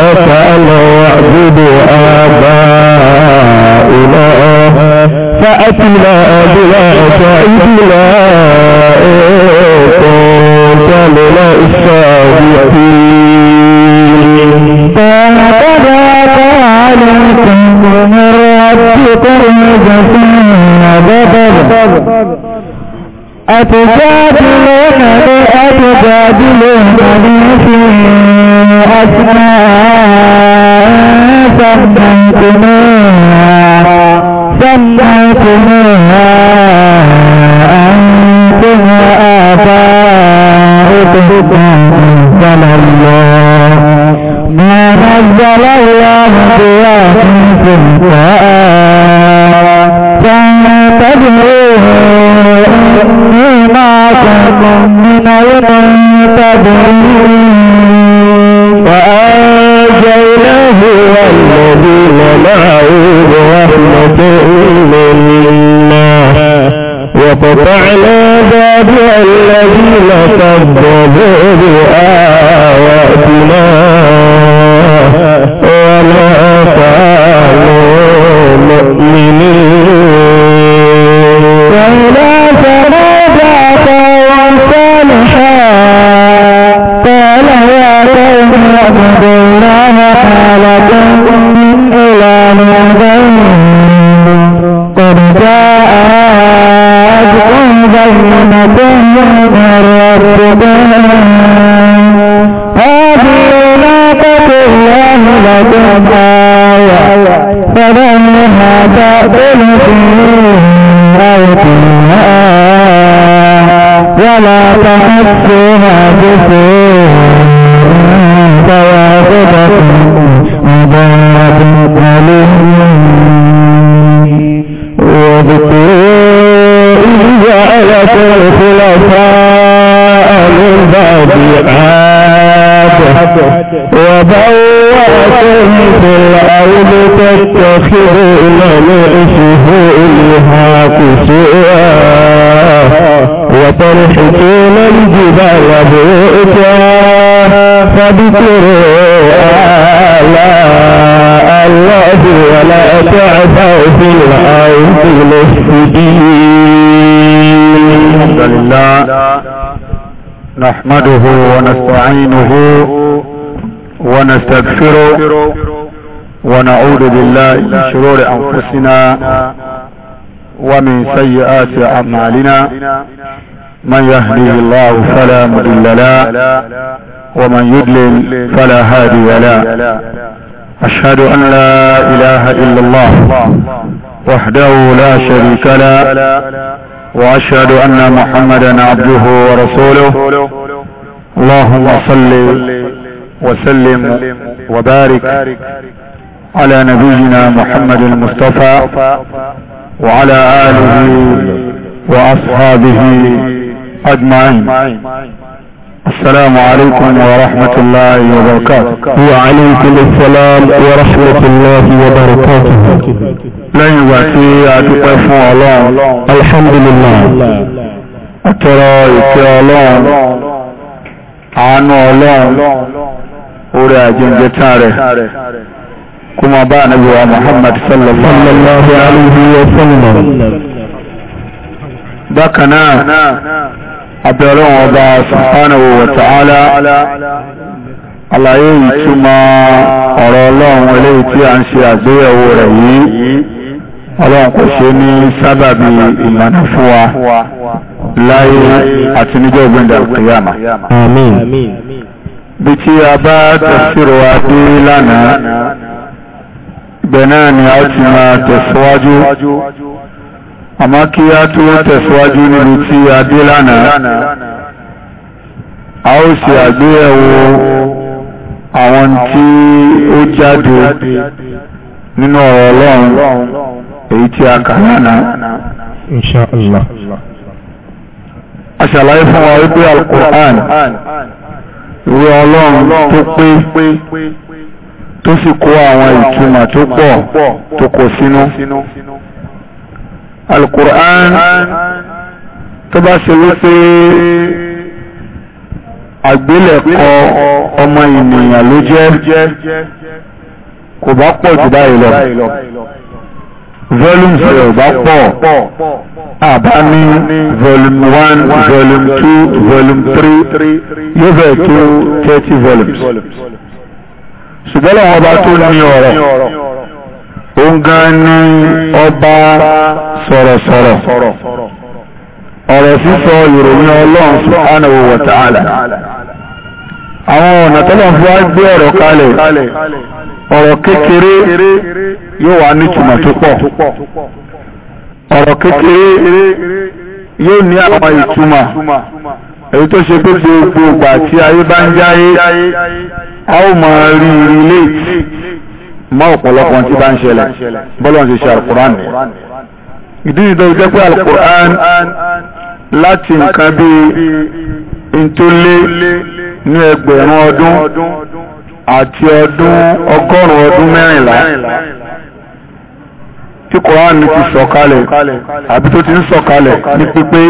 Okay. بين آيتها ولا تحسها بسوء فواقبة مضاد قليل واذكروا إذ جعلك الخلفاء من بعد عاد وبوأكم في الأرض تتخذون وقيل الجبال بيئتا فاذكروا آلاء الله ولا تعثوا في الأرض مفسدين الحمد لله نحمده ونستعينه ونستغفره ونعوذ بالله من شرور أنفسنا ومن سيئات أعمالنا من يهدي الله فلا مضل له ومن يضلل فلا هادي له اشهد ان لا اله الا الله وحده لا شريك له واشهد ان محمدا عبده ورسوله اللهم صل وسلم وبارك على نبينا محمد المصطفى وعلى اله واصحابه أجمعين السلام عليكم ورحمة الله وبركاته وعليكم السلام ورحمة الله وبركاته لن يبكي أتقف الله الحمد لله أترى الله عن الله أولى جنجتاره كما بان أبو محمد صلى الله عليه وسلم بكنا àtẹ̀rọ̀wọ̀n ọba subhanahu wa ta'ala àlàyé ìtumọ̀ ọ̀rọ̀ ọlọ́run eléyìí tí a ń ṣe àgbéyẹ̀wò rẹ̀ yìí ọlọ́run kò ṣe ní sábàbí ìmọ̀nà fún wa láyé àti níjọ́ ògbéǹdà kìyàmà bí tí a bá tẹ̀sírò wa dé lánàá ibẹ̀ náà ni a ti máa tẹ̀síwájú àmọ́ kí a tó tẹ̀síwájú níbi tí a dé lánàá a ó ṣe àgbéyẹ̀wò àwọn tí ó jáde nínú ọ̀rọ̀ ọlọ́run èyí tí a kà lánàá insha Allah a ṣàlàyé fún wa wípé al-Qur'an ìwé ọlọ́run tó pé tó sì kó àwọn ìtumọ̀ tó pọ̀ tó kó sínú alukur'an tó bá ṣe wípé àgbélẹ̀kọ ọmọ ènìyàn ló jẹ́ kò bá pọ̀ jù báyìí lọ volumes rẹ̀ ò bá pọ̀ àbá ní volume one volume two volume three yóò fẹ́ tó thirty volumes ṣùgbọ́n làwọn ọba tó ní ọ̀rọ̀ òun gan ni ọba sọ̀rọ̀sọ̀rọ̀ ọ̀rọ̀ sísọ ìròyìn ọlọ́run subhanahu wa ta'ala àwọn ọ̀nà tọ́lọ̀ fún wa gbé ọ̀rọ̀ kalẹ̀ ọ̀rọ̀ kékeré yóò wá nítumọ̀ tó pọ̀ ọ̀rọ̀ kékeré yóò ní àwọn ìtumọ̀ èyí tó ṣe pé gbogbo ìgbà tí ayé bá ń jáyé a ó máa rí relate mọ́ ọ̀pọ̀lọpọ̀ tí bá ń ṣẹlẹ̀ ṣe ṣe alukur'an ni ìdí ìdó jẹ́ pé alukur'an láti nǹkan bí ntólé ní ẹgbẹ̀rún ọdún àti ọdún ọgọ́rùn ọdún mẹ́rìnlá tí Kùránì ti sọ̀kalẹ̀ àbí tó ti ń ní pípé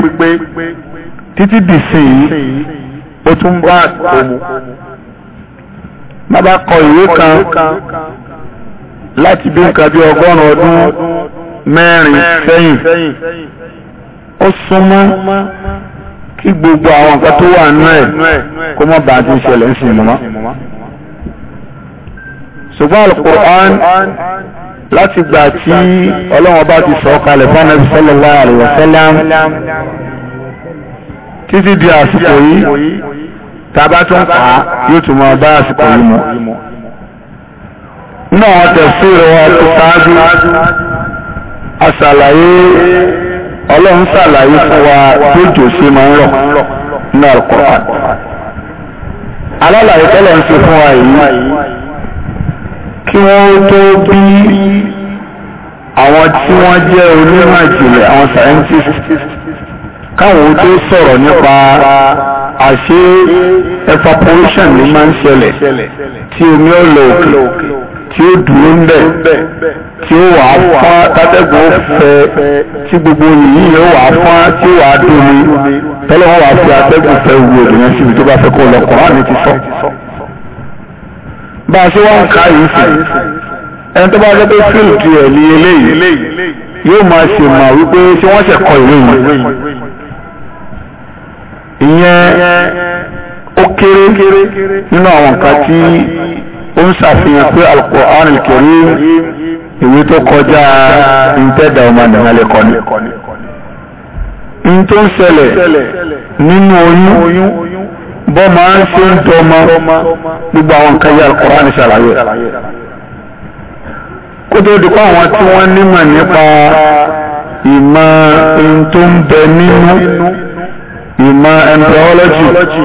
títí yìí láti bí nǹkan bí ọgọ́rùn ọdún mẹ́rin sẹ́yìn ó súnmọ́ kí gbogbo àwọn nǹkan tó wà nínú ẹ̀ kó mọ́ bá ti ń ṣẹlẹ̀ ń sìn mọ́ ṣùgbọ́n alukur'an láti gbà tí ọlọ́wọ́n bá ti sọ kalẹ̀ fánàbí sallallahu alaihi wasallam títí di àsìkò yìí tàbá tó ń kà á yóò tún mọ bá àsìkò yìí mọ́ náà tẹ̀síro ọtún ṣáájú aṣàlàyé ọlọ́run ṣàlàyé fún wa tójò ṣe máa ń rọ̀ ní Al-Qur'an alálàyé tọ́lọ̀ ń ṣe fún wa yìí kí wọ́n tó bí àwọn tí wọ́n jẹ́ onímọ̀ ìjìnlẹ̀ àwọn scientist káwọn tó sọ̀rọ̀ nípa àṣé evaporation ní máa ń ṣẹlẹ̀ tí omi ó lọ òkè. tí ó dúró ńbẹ̀ tí ó wà á fọ́n fẹ́ tí gbogbo yìí yóò wà á tí ó wà dúró tọ́lọ́wọ́ wà fi atẹ́gùn wu síbi tó bá fẹ́ kó lọ Kùránì ti sọ. bá a ṣe wá ń ka yìí ẹni tó bá pé eléyìí yóò máa ṣe mà wípé wọ́n kọ ìwé yìí ìyẹn ó kéré nínú àwọn ó ń ṣàfihàn pé alukur'an Karim ìwé tó kọjá ìtẹ́dà ọmọ nìyànlẹ̀ kọ́ni n tó ń ṣẹlẹ̀ nínú oyún bọ́ máa ń ṣe ń dọ́mọ gbogbo àwọn nǹkan yẹ ṣàlàyé di pa àwọn tí wọ́n nímọ̀ nípa ìmọ̀ tó embryology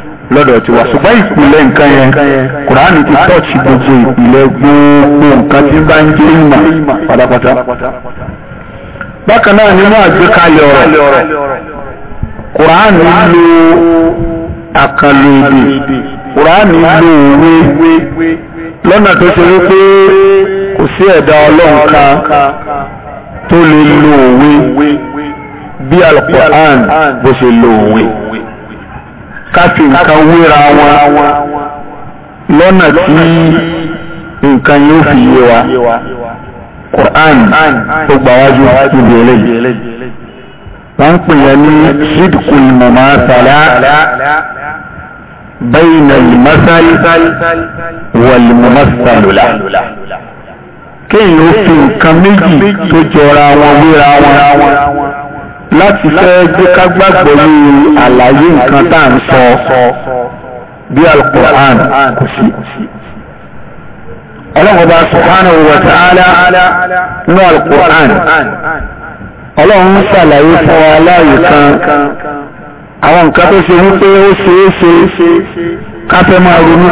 lọ́dọ̀ ti wá ṣùgbọ́n ìpìlẹ̀ nǹkan yẹn kùránì gbogbo ìpìlẹ̀ gbogbo nǹkan tí bá ń jẹ́ ìmọ̀ pátápátá. bákan náà nínú àgbékalẹ̀ ọ̀rọ̀ kùránì lo àkànlò èdè kùránì lo òwe lọ́nà tó ṣe wípé kò sí ẹ̀dá ọlọ́run al bó ṣe lo òwe. ká nǹkan wéra wọn lọ́nà tí nǹkan yóò fi yé wa Quran tó gbàwájú níbi eléyìí wọ́n pè yẹn ní sidqul mumathala bayna al-masal wal-mumassal la kéèyàn ó fi nǹkan méjì tó jọra wọn wéra wọn. láti fẹ́ gbé ká gbàgbọ́ ní àlàyé nǹkan tá à ń sọ bí alukur'an kò sí. ọlọ́run ọba subhanahu wa ta'ala ní alukur'an ọlọ́run ṣàlàyé fún kan àwọn nǹkan tó ṣe wípé ó ṣeé ṣe ká fẹ́ máa ronú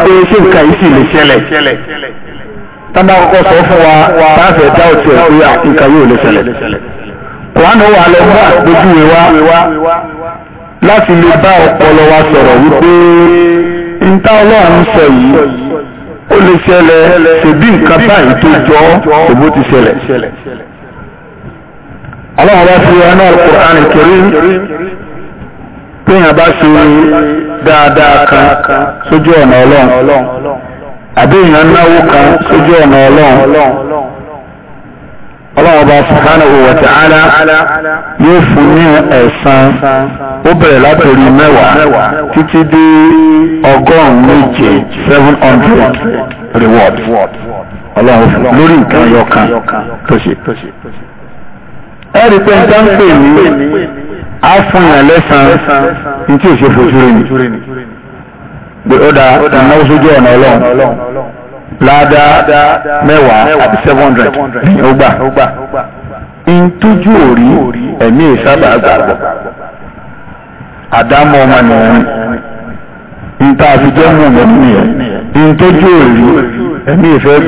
sọ fún wa táàfẹ́ dá òtí ẹ̀ pé nǹkan kùránù wà lọ mú àpèjúwe lati láti bá ọpọlọ wa sọ̀rọ̀ wípé níta ọlọ́run sọ yìí ó lè ṣẹlẹ̀ ṣèbí nǹkan báyìí tó jọ òbó ti ṣẹlẹ̀. ọlọ́run bá fi ẹnu ọ̀kùnrin kiri bá ṣe dáadáa kan sójú ọ̀nà ọlọ́run àbí èèyàn náwó kan sójú ọ̀nà ọlọ́run. ọlọ́ọ̀bá subhanahu wa ta'ala yóò fún ní ẹ̀san ó bẹ̀rẹ̀ látòrí mẹ́wàá títí dé ọgọ́rùn-ún méje seven hundred reward ọlọ́run lórí nǹkan yọkan tó ṣe. ẹ rí pé nǹkan pè ní àfọyàn lẹ́sàn ní tí ò ṣe fojú rẹ̀ ni. ó dáa lada mẹwa àti seven hundred ní ọgbà òrí ìsábà nta mú ọmọ nìyẹn òrí ẹlòmíràn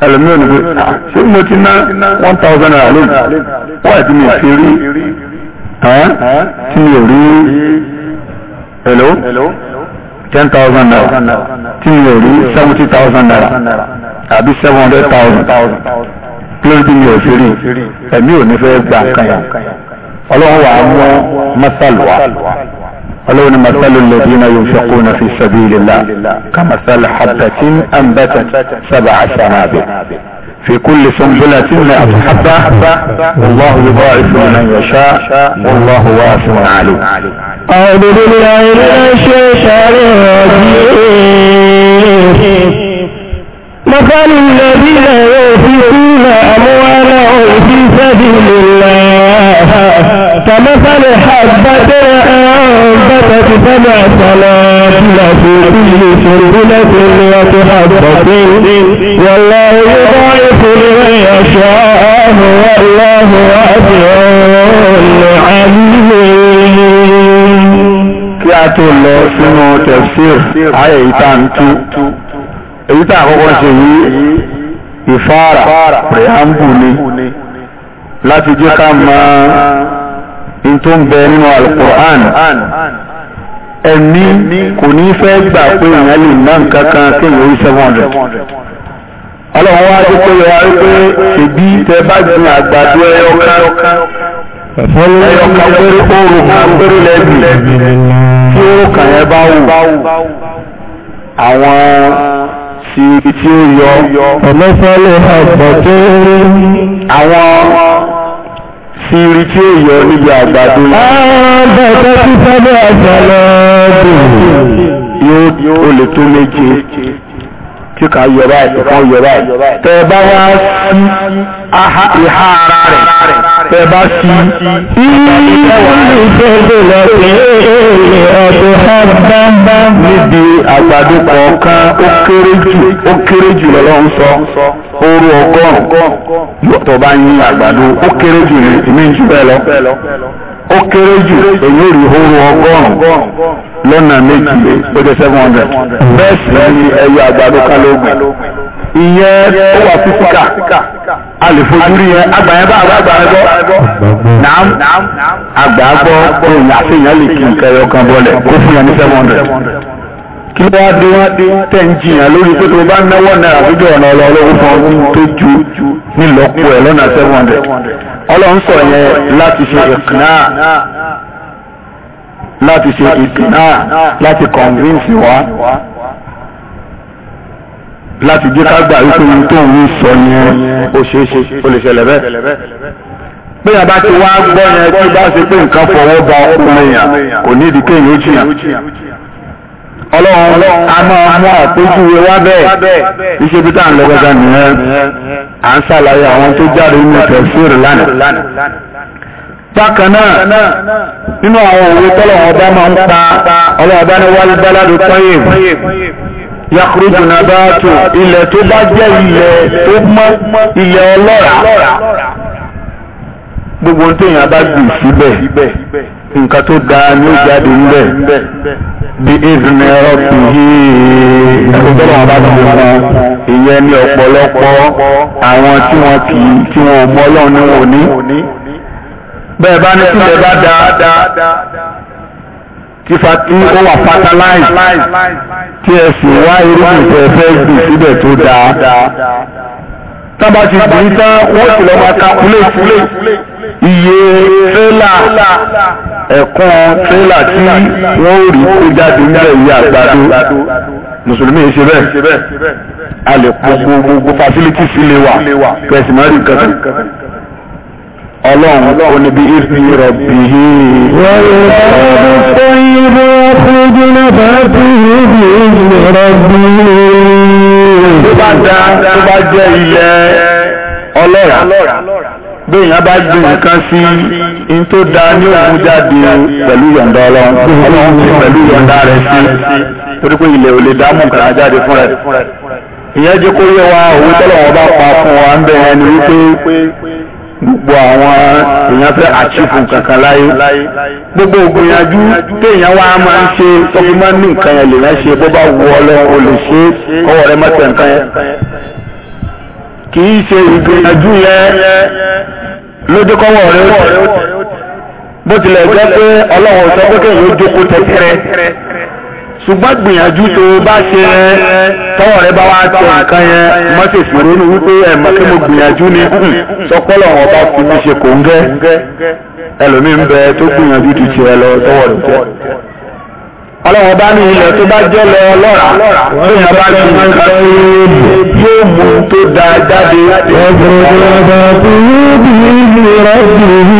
pé ṣé mo ti ná one thousand naira lónìí wọ́n mi fi rí tí mi ten thousand naira. تيوري 70,000 نرى أبي 700,000 بلدي يوشيري أمي ونفير باقيا ولو هو عمو مثل وعب ولو مثل الذين ينفقون في سبيل الله كمثل حبة أنبتت سبع سنابل في كل سنبلة حبة والله يضاعف من يشاء والله واسع عليم أعوذ بالله من الشيطان الرجيم مثل الذين ينفقون أموالهم في سبيل الله كمثل حبة أنبتت سبع سنابل في كل سنبلة مئة حبة والله يضاعف لمن يشاء والله واسع عليم tó lọ sínú tafsir ayé ìta ń tú èyí tá àkọ́kọ́ ṣe yí ìfáàrà preamble ni láti jẹ́ ká mọ in tó ń bẹ nínú alukur'an ẹ̀mí kò ní fẹ́ gbà pé èèyàn lè ná nǹkan kan kéèyàn orí seven hundred ọlọ́run wá dé pé wá pé ṣèbí tẹ bá gbin àgbàdo ẹyọkan ẹyọkan péré oòrùn kan péré lẹ́bi. tí ó kàn yẹn bá wù àwọn tí tí ó yọ. ọ̀mẹ́fọ́lẹ́ àgbàdo àwọn tí rí tí ó yọ níbi àgbàdo yìí. ààbẹ̀ sábẹ́ àgbàlọ́ méje. tí kà yọ báyìí ìkan yọ báyìí tẹ bá wá sí ìhà ara rẹ tẹ bá sí níbi àgbàdo kọ̀ọ̀kan ó kéré jù ó kéré jù lọ́lọ́run sọ ooru ọgọ́rùn-ún tó bá yín àgbàdo ó kéré jù ní ìmí jù bẹ́ẹ̀ lọ ó kéré jù èyí ò rí horo ọgọ́rùn-ún lọ́nà méjì ó seven hundred bẹ́ẹ̀ sì ni ẹyọ àgbàdo kálógún ìyẹn ó wà fífíkà a lè fojú rí yẹn àgbà yẹn bá àgbà gbọ́ naam àgbà gbọ́ òyìn àti ìyẹn lè kí nǹkan ẹyọ kan bọ́lẹ̀ kó fún yẹn ní seven hundred. kí wá dé tẹ̀ ń jiyàn lórí pé tó bá náwó náírà lójú ọ̀nà ọlọ́run fún tó ju nílọ́pọ̀ ẹ̀ lọ́nà seven hundred ọlọ́run sọ yẹn láti ṣe ìkànnà láti ṣe ìkànnà láti convince wa láti jẹ́ ká gbà wípé ohun tó ń sọ yẹn ó ṣe ti wá gbọ́ yẹn tí bá ṣe pé nǹkan fọwọ́ ba ọkùnrin yàn kò ọlọ́run a máa mú àpéjúwe wá bẹ́ẹ̀ iṣẹ́ bí tá à ń lọ gbọ́gbà nìyẹn à ń ṣàlàyé àwọn tó jáde nínú tẹ̀síìrì lánàá bákan náà nínú àwọn òwe tọ́lọ̀wọ̀n ọba máa ń pa ọlọ́wọ̀n ọba ní wálé báládù pọ́yè yakurujú nàbàtò ilẹ̀ tó bá jẹ́ ilẹ̀ tó mọ́ ilẹ̀ ọlọ́ràá gbogbo ohun téèyàn bá gbìn síbẹ̀ nǹkan tó dáa ni ó jáde ńbẹ̀ bí ìdùnnú ẹ̀rọ fi yí ìdúgbòrò àbájáde wọn ìyẹn ní ọ̀pọ̀lọpọ̀ àwọn tí wọn kì í tí wọn ò mọ ọlọ́run ní wọn bẹ́ẹ̀ bá ní kílẹ̀ bá da tífa tí ó wà fatalize tí ẹ sì wá irú ìfẹ́ fẹ́ gbìn síbẹ̀ tó dáa. tábà ti gbìn tán wọ́n sì lọ́ọ́ máa ka kúlẹ̀ kúlẹ̀. iye tírélà ẹ̀kan tírélà tí wọ́n ò rí kó jáde nílẹ̀ yìí àgbàdo mùsùlùmí yìí ṣe bẹ́ẹ̀ a lè pọ gbogbo facility sí lè kankan ọlọ́run ní bí ìfì rọ̀bì yìí. tó bẹ́ẹ̀yàn bá gbé nǹkan sí in tó da ní òun jáde pẹ̀lú yọ̀ǹda ọlọ́run ọlọ́run ti pẹ̀lú yọ̀ǹda rẹ̀ sí torí pé ilẹ̀ ò lè dámú kàrà jáde fún rẹ̀ ìyẹn jẹ́ kó yé wa òun tọ́lọ̀wọ́ bá pa fún wa ń bẹ̀ yẹn ni wípé gbogbo àwọn èèyàn fẹ́ àchífù kankan láyé gbogbo ògbìyànjú téèyàn wá máa ń ṣe tọ́kí máa ń ní nǹkan yẹn lè rẹ́ ṣe bó bá wù ọ lọ́wọ́ kìí ṣe ìgbìyànjú yẹn lójú rẹ bó tilẹ̀ jẹ́ pé ọlọ́run sọ pé kéèyàn jókòó tẹ̀tẹ̀rẹ̀ ṣùgbọ́n gbìyànjú tó bá ṣe yẹn tọwọ́ rẹ bá wá tẹ nǹkan yẹn má ṣe wípé ẹ̀mọ́ kí mo gbìyànjú ni bá fi mi ṣe kò ń gẹ́ ọlọ́wọ́ bá ní ilẹ̀ tó bá jẹ́ lọ lọ́ra tó yàn bá ti ń kọ́ yóò mú tó da jáde. ọ̀gbọ̀dọ̀gbọ̀ tó yóò bí ìlera ìlú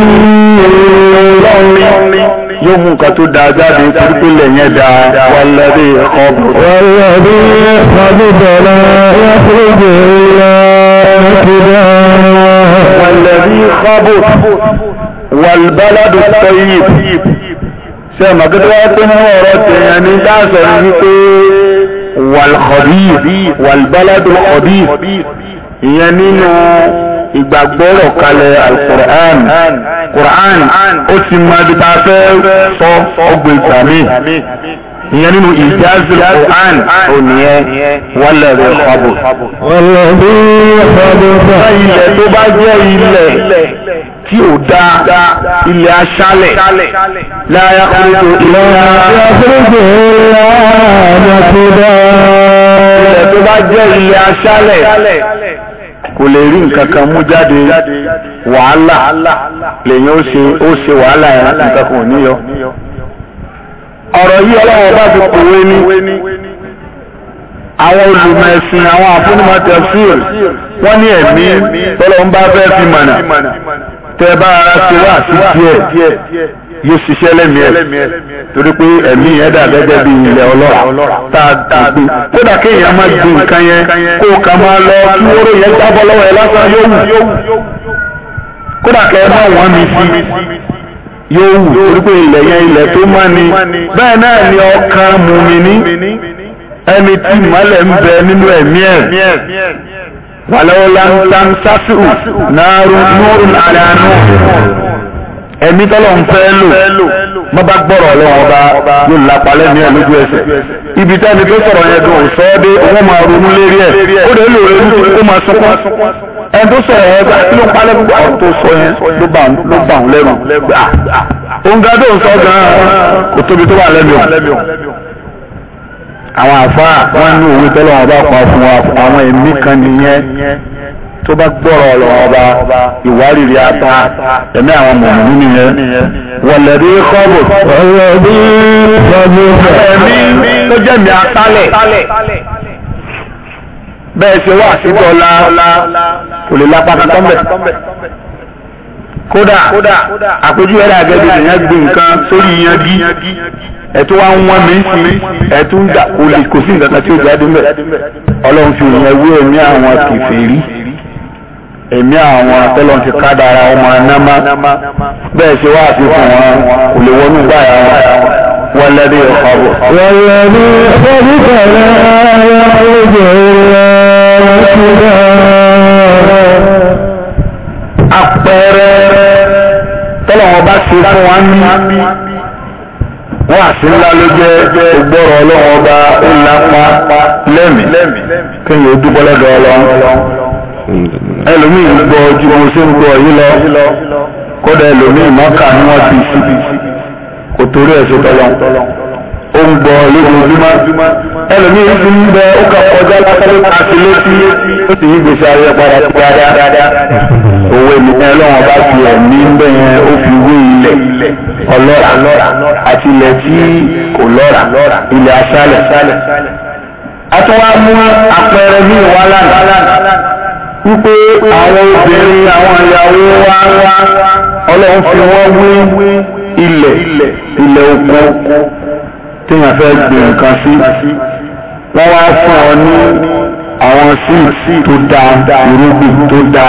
yóò mú nǹkan tó da jáde torí pé lẹ́yìn ẹ̀dá wàlẹ́dẹ̀ ẹ̀kọ́ bọ̀. wàlẹ́dẹ̀ ìfọdúbọ̀lá yàtúrọ̀dẹ̀ ìlà ìkìlá. wàlẹ́dẹ̀ ìfọdúbọ̀ wàlbáládù tọ́yìí ṣe mọ̀ tó wá pé nínú ọ̀rọ̀ ti yẹn ní dáàsọ̀ ní wípé wàlùkọ̀bí wàlùbáládù kọ̀bí ìyẹn nínú ìgbàgbọ́rọ̀ kalẹ̀ alukur'an kur'an ó ti mọ ibi tá a fẹ́ sọ ọgbẹ́ ìgbà mi ìyẹn nínú ìjáàzì kur'an ònìyẹn wọlé rẹ kọbù. wọlé rẹ kọbù. ilẹ̀ tó bá jẹ́ ilẹ̀ tí ò dá ilẹ̀ aṣálẹ̀ láyá kúrò ìlànà ilẹ̀ tó bá jẹ́ ilẹ̀ aṣálẹ̀ kò lè rí nǹkan kan mú jáde wàhálà lèyìn ó ṣe wàhálà ẹ̀ nǹkan kan ò níyọ ọ̀rọ̀ yìí ọlọ́wọ́ bá fi kòwé ní àwọn olùmọ̀ ẹ̀sìn àwọn àfúnimọ̀ tẹ̀síìr wọ́n ní ẹ̀mí tọ́lọ́ ń bá fẹ́ fi mọ̀nà tẹ́ bá ṣe wá àti díẹ̀ yóò ṣiṣẹ́ lẹ́mìí ẹ̀ torí pé ẹ̀mí yẹn dà gẹ́gẹ́ bí ilẹ̀ ọlọ́ra tá a gbé kódà kéèyàn máa gbé nǹkan yẹn kó o kà máa lọ kí wóró yẹn jábọ́ lọ́wọ́ ẹ lásán yóò wù kódà kẹ́ ẹ má wọ́n mi sí yóò wù torí pé ilẹ̀ yẹn ilẹ̀ tó má ni bẹ́ẹ̀ náà ni ọkàn mùmíní ẹni tí ìmọ̀lẹ̀ ń bẹ nínú ẹ̀mí ẹ̀ wàlọ́wọ́ lantan sáfìrù náàrú núrù àlànà ẹ̀mí tọ́lọ̀ ń fẹ́ lò mọ́ bá gbọ́rọ̀ ọlọ́wọ́n ọba yóò lápá lẹ́nu ẹ̀ lójú ẹsẹ̀ ibi tí ẹni tó sọ̀rọ̀ yẹn dùn sọ ọ́ dé owó máa ronú lérí ẹ̀ ó dé lò lórí ó máa sọ́kọ́ ẹni tó sọ̀rọ̀ yẹn bá kí ló palẹ̀ gbogbo àwọn tó sọ yẹn ló bà ń lẹ́rù òun gan sọ gan kò tóbi tó wà lẹ́nu àwọn àfáà wọ́n ní òwe tọ́lọ́ wọn bá pa fún wa àwọn ẹ̀mí kan nìyẹn tó bá gbọ́rọ̀ ọlọ́wọ́ ọba ìwárìrì ata ẹ̀mí àwọn mọ̀mọ́ nìyẹn wọ̀lẹ̀dí kọ́bù ọlọ́dí kọ́bù ẹ̀mí tó jẹ́mi atálẹ̀ bẹ́ẹ̀ ṣe wà síbọ̀ ọ̀la kò lè lápá kankan bẹ̀ kódà àpèjúwe àgẹ́gẹ́ nìyẹn gbé nǹkan sórí yangi ẹtú wa ń wọ́n mi ẹtú ń dà olè kò sí nǹkan kan tí ó jáde mbẹ ọlọ́run fi yẹn wé ẹ̀mí àwọn kìfèrí ẹ̀mí àwọn tọ́lọ́n ti ká dára ọmọ anámá bẹ́ẹ̀ ṣe wá àfihàn wọn kò lè wọnú gbáyà wọn wọ́n lẹ́rí ọ̀pá bọ̀. wọ́n lẹ́rí ọ̀pá bíkà láàárọ̀ ọ̀gbẹ̀ ọ̀rọ̀ àpẹẹrẹ tọ́lọ́wọ́n bá ṣe fún wa ní. wọ́n àti ńlá ló jẹ́ ògbọ́rọ̀ ọlọ́run ọba ńlápá kí ni ń ju ohun tí ń gbọ́ yìí lọ kódà ni ti sí kò torí ó ń gbọ́ lójoojúmọ́ ti ń bẹ ó kà kọjá létí òwe nìkan ọlọ́run bá fi ẹ̀mí ń bẹ́ yẹn ó fi wé ilẹ̀ ọlọ́ra àti ilẹ̀ tí kò lọ́ra ilẹ̀ aṣálẹ̀. a tún wá mú àpẹẹrẹ ní ìwà lánàá wípé àwọn obìnrin àwọn ìyàwó wa ọlọ́run fi wọ́n wé ilẹ̀ ilẹ̀ oko téèyàn fẹ́ gbìn nǹkan sí wọ́n wá fún ọ ní àwọn sí tó da irúgbìn tó da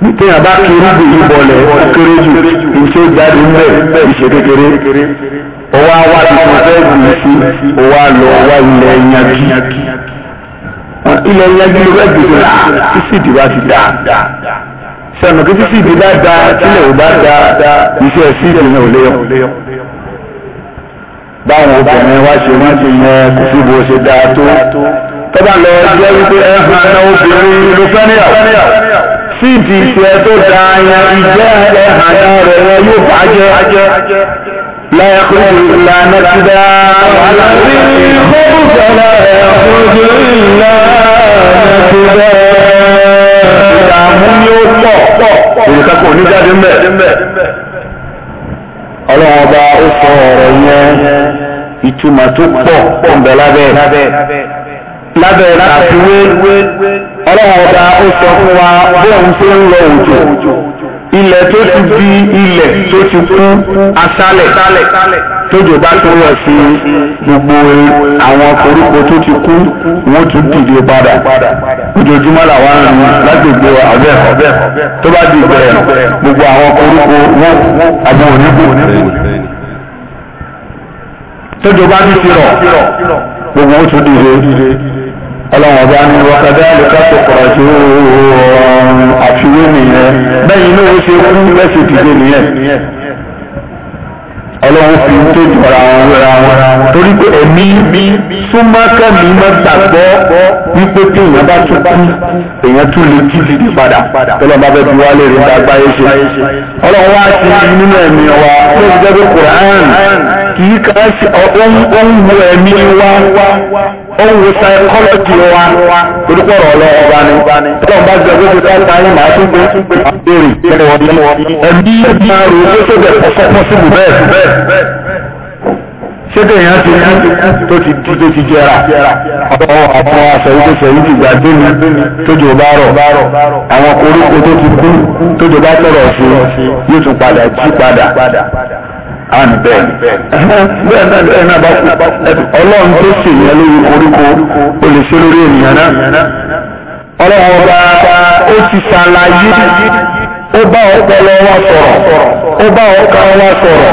nítorí àbá kí irúgbìn yìí bọlẹ̀ ó kéré jù iṣẹ́ jáde ńbẹ̀ iṣẹ́ kékeré ọwọ́ àwa tí wọ́n fẹ́ gbìn sí ọwọ́ àlọ́ ọwọ́ ilẹ̀ yanjú ilẹ̀ yanjú ló fẹ́ gbìn rà títí ìdìbò ti da sọ̀nà kí títí ìdìbò da tílẹ̀ ò bá da iṣẹ́ sí ìdìbò náà ò léyọ̀ báwọn obìnrin wá ṣe wọ́n ti yẹn kò síbo dáa tó tọ́ba lọ jẹ́ wípé ẹ̀hán obìnrin ló fẹ́ níyàwó síìdì tiẹ̀ tó da yẹn ìjẹ́ ẹ̀hán rẹ̀ wọn yóò bàjẹ́ láyàkúrò ìlànà ti dá wàhálà sí ìfọ́bùsọ̀lá ìlànà ti dá. ìdààmú ni ó pọ̀ òrùka kò ní jáde ńbẹ̀. ọlọ́run ó sọ ọ̀rọ̀ yẹn ìtumọ̀ tó pọ̀ pọ̀ ń bẹ lábẹ́ lábẹ́ àfiwé ọlọ́run ọba ó sọ fún wa bóun tó ń lọ òjò ilẹ̀ tó ti di ilẹ̀ tó ti kú aṣálẹ̀ tójò bá tó rọ̀ sí gbogbo àwọn koríko tó ti kú wọ́n tún dìde padà ojoojúmọ́ làwọn arìnrìn lágbègbè abẹ́ẹ̀kọ́ tó bá di ìbẹ̀rẹ̀ gbogbo àwọn koríko wọ́n àbọ̀ onígbò tójò bá ti rọ̀ gbogbo wọ́n tún dìde ọlọ́wọ́n bá ní wọ́kadà àlùkàtò kọ̀ọ̀tù àfiwé nìyẹn bẹ́ẹ̀ ni ó ṣe kú lẹ́sìn dìde nìyẹn ọlọ́run fi tó jọra wọn ra wọn torí pé ẹ̀mí súnmọ́kẹ́mi má gbàgbọ́ wípé tí èèyàn bá tún kú èèyàn tún lè jí dìde padà tọ́lọ́ bá bẹ́ẹ̀ bí wá lè rí ní agbáyé ṣe ọlọ́run wá ti nínú ẹ̀mí wa tó ti jẹ́ pé Quran kì í ká ṣe ohun wo ẹ̀mí wa ohun wo psychology wa torí pọ̀rọ̀ ọlọ́run bá ní tọ́lọ́ bá jẹ́ pé ká ta ẹ̀ máa tún gbé ẹ̀mí máa rò ó bẹ̀ fọ́fọ́ sí bù bẹ́ẹ̀ ṣẹ́tẹ̀ èèyàn ti tó ti tó ti jẹra àwọn àwọn aṣọ̀yíkò ṣẹ̀yíkì ìgbàgbé mi tójò bá rọ̀ àwọn koríko tó ti kú tójò bá tọ̀rọ̀ sí yóò tún padà jí padà àmì bẹ́ẹ̀ bẹ́ẹ̀ náà bẹ́ẹ̀ náà bá kú ọlọ́run tó ó bá ọpọlọ wa sọ̀rọ̀ ó bá ọkà wa sọ̀rọ̀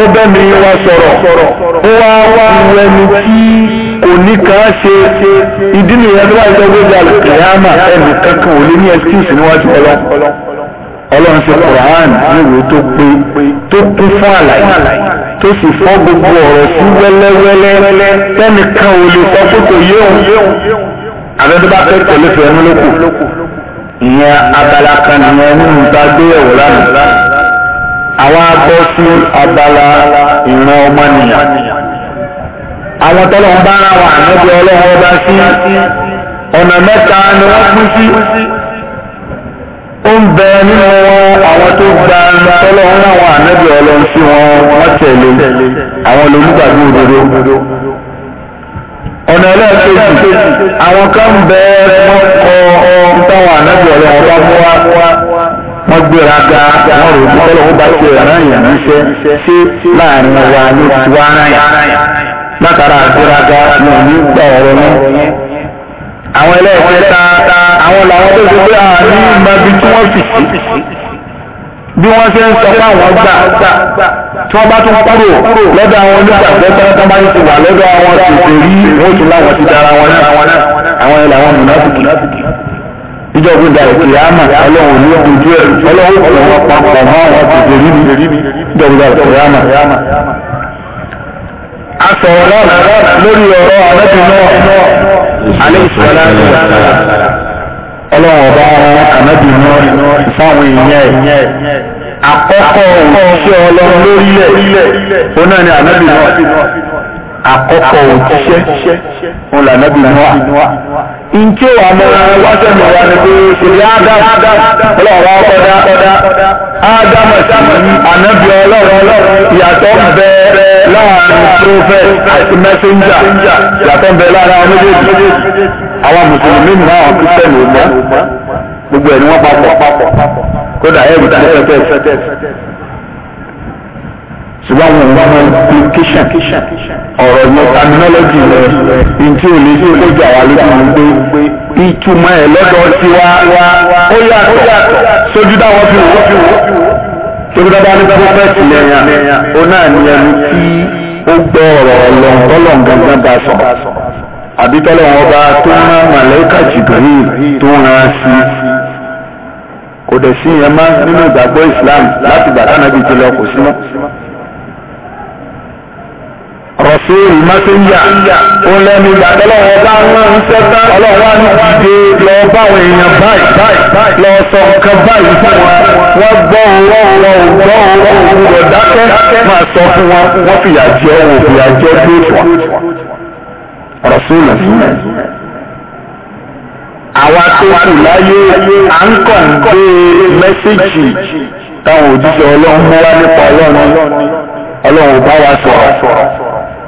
ó bẹ́mi wa sọ̀rọ̀ ó wá wá ẹni tí kò ní ká ṣe ìdí nìyẹn tó wà ní ọgbẹ́ ìjà kìláàmà ẹnì kankan ò lè ní excuse níwájú ọlọ́ ọlọ́run ṣe Quran níwèé tó pé tó kún fún àlàyé tó sì fọ́ gbogbo ọ̀rọ̀ sí wẹ́lẹ́wẹ́lẹ́ tẹ́nìkan ò lè sọ pé kò yé òun àbẹ́tẹ́ bá fẹ́ tẹ̀lé fẹ́ mú lókù ìyẹn abala kan nìyẹn nínú ìgbàgbéyẹ̀wò lánàá àwọn abọ́ sí abala ìran ọmọnìyàn àwọn tọ́lọ̀ ń bá ara wà níbi ọlọ́run ọba sí ọ̀nà mẹ́ta ni wọ́n pín sí ó ń bẹ nínú àwọn tó gba tọ́lọ̀ ń ràn wọ́n ànábì ọlọ́run sí wọn wọ́n tẹ̀lé àwọn olùgbàgbọ́ òdodo ọ̀nà ẹlẹ́ẹ̀kejì àwọn kan bẹ́ẹ̀ wọ́n kọ táwọn ànábì ọ̀rẹ́ ọba mú wa wọ́n gbéra ga wọ́n rò ó tọ́lọ́ bá ṣe ìrànyàn níṣẹ́ ṣé láàrin wa ló ti wá ráyà látara àgbéra ga ní òní gbà ọ̀rọ̀ yẹn. àwọn ẹlẹ́ẹ̀kẹta àwọn làwọn tó ṣe pé àní ìmọ̀ ibi tí wọ́n fi sí. bí wọ́n ṣe ń sọ pé àwọn gbà tí wọ́n bá tún kúrò lọ́dọ̀ àwọn onígbàgbọ́ tí wọ́n bá ń ti wà lọ́dọ̀ àwọn tòṣè rí wọ́n tún láwọn ti dára wọn náà àwọn ẹ̀ làwọn mùnáfìkì ìjọ gbọdọ̀ òkè àmà ọlọ́run ní ọlọ́run kò wọ́n mọ́ àwọn ọlọ́run ọba ànábì náà fáwọn èèyàn ẹ̀ àkọ́kọ́ òjíṣẹ́ ọlọ́run lórílẹ̀ òun náà ni ànábì náà àkọ́kọ́ òjíṣẹ́ òun lànábì náà ntí wà mọ wáṣẹmọ wa ni pé ìyá ádámù ọlọ́rọ̀ ọkọdá ádámù ànábì ọlọ́rọ̀ ìyàtọ̀ bẹ láàrin prophet àti messenger ìyàtọ̀ bẹ lára méjèèjì àwọn mùsùlùmí mọ àwọn kristian ò mọ gbogbo ẹ ni wọn papọ̀ kódà ẹ bùtà ẹ fẹtẹ fẹtẹ. ṣùgbọ́n àwọn ọmọ ọmọ implication ọ̀rọ̀ ní rẹ̀ ní ò lè ṣe kójú àwa lójú ní pé ìtumọ̀ ẹ̀ lọ́dọ̀ sí wa ó yàtọ̀ fi wò sójú dáwọ́ ní prophet lẹ́yìn tí ó gbọ́ ọ̀rọ̀ gangan bá sọ wọn bá tó ń rán màlẹ́kà tó ń rán sí kò dẹ̀ sí ìyẹn má nínú ìgbàgbọ́ láti gbà rọ̀sùlù mẹ́sẹ̀njà ó lẹ́nu ìgbàgbọ́ lọ́wọ́ bá ń rán sẹ́tà lọ bá èèyàn báyìí lọ sọ báyìí fún wa owó wọn ò owó máa sọ fún wọn fìyà jẹ fìyà jẹ àwa tó kù láyé à ń kàn gbé táwọn wá nípa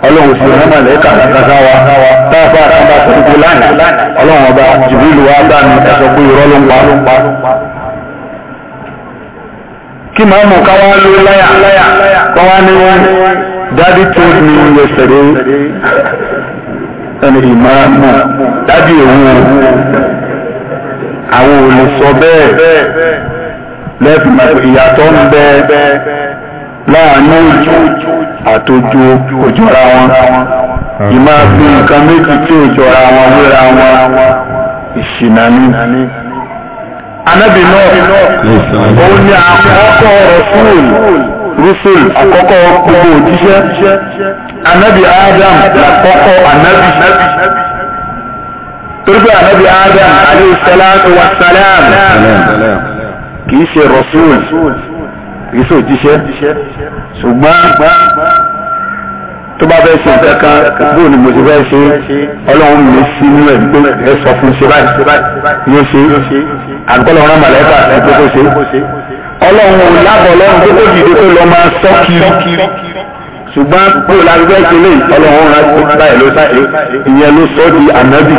ọlọ́run fi wọn mọ̀lẹ́kà kankan wa táàbà àkàbà sọ́kùnkù lánàá ọlọ́run ọba jìbìlù wa bá mi ẹ̀sọ́ pé irọ́ ló ń pa. kí màá mọ̀ ká wá ló láyà kọ́ wá ní daddy told me yesterday ẹni ìmáa mọ̀ dájú òun àwọn olùsọ bẹ́ẹ̀ lẹ́fìmọ̀ ìyàtọ̀ ń bẹ́ẹ̀ láàánú òjò àtòjò òjòra wọn ìmá fi nǹkan méjì tí òjòra wọn wéra wọn ìṣìnà ní anábì náà òun ni àkọ́kọ́ rọ̀súùlù rúsùl àkọ́kọ́ gbogbo òjíṣẹ́ anábì Adam làkọ́kọ́ anábì torípé anábì Adam alayhi salatu wa salam kìí ṣe rọ̀súùlù kì í sò jíṣẹ́ ṣùgbọ́n tó bá fẹ́ ṣe nǹkan kan bóun ni mo ti fẹ́ ṣe ọlọ́run mi sí inú ẹ̀ pé ẹ sọ fún ṣe báyìí yóò ṣe àgbọ̀lọ̀ ọ̀ràn màlẹ́kà ẹ̀ tó kó ṣe ọlọ́run ò lábọ̀ ọlọ́run tó kó dìde tó lọ máa sọ kiri ṣùgbọ́n bóun la fẹ́ ṣe lè ọlọ́run ra báyìí ló sáyé ìyẹn ló sọ di ànábì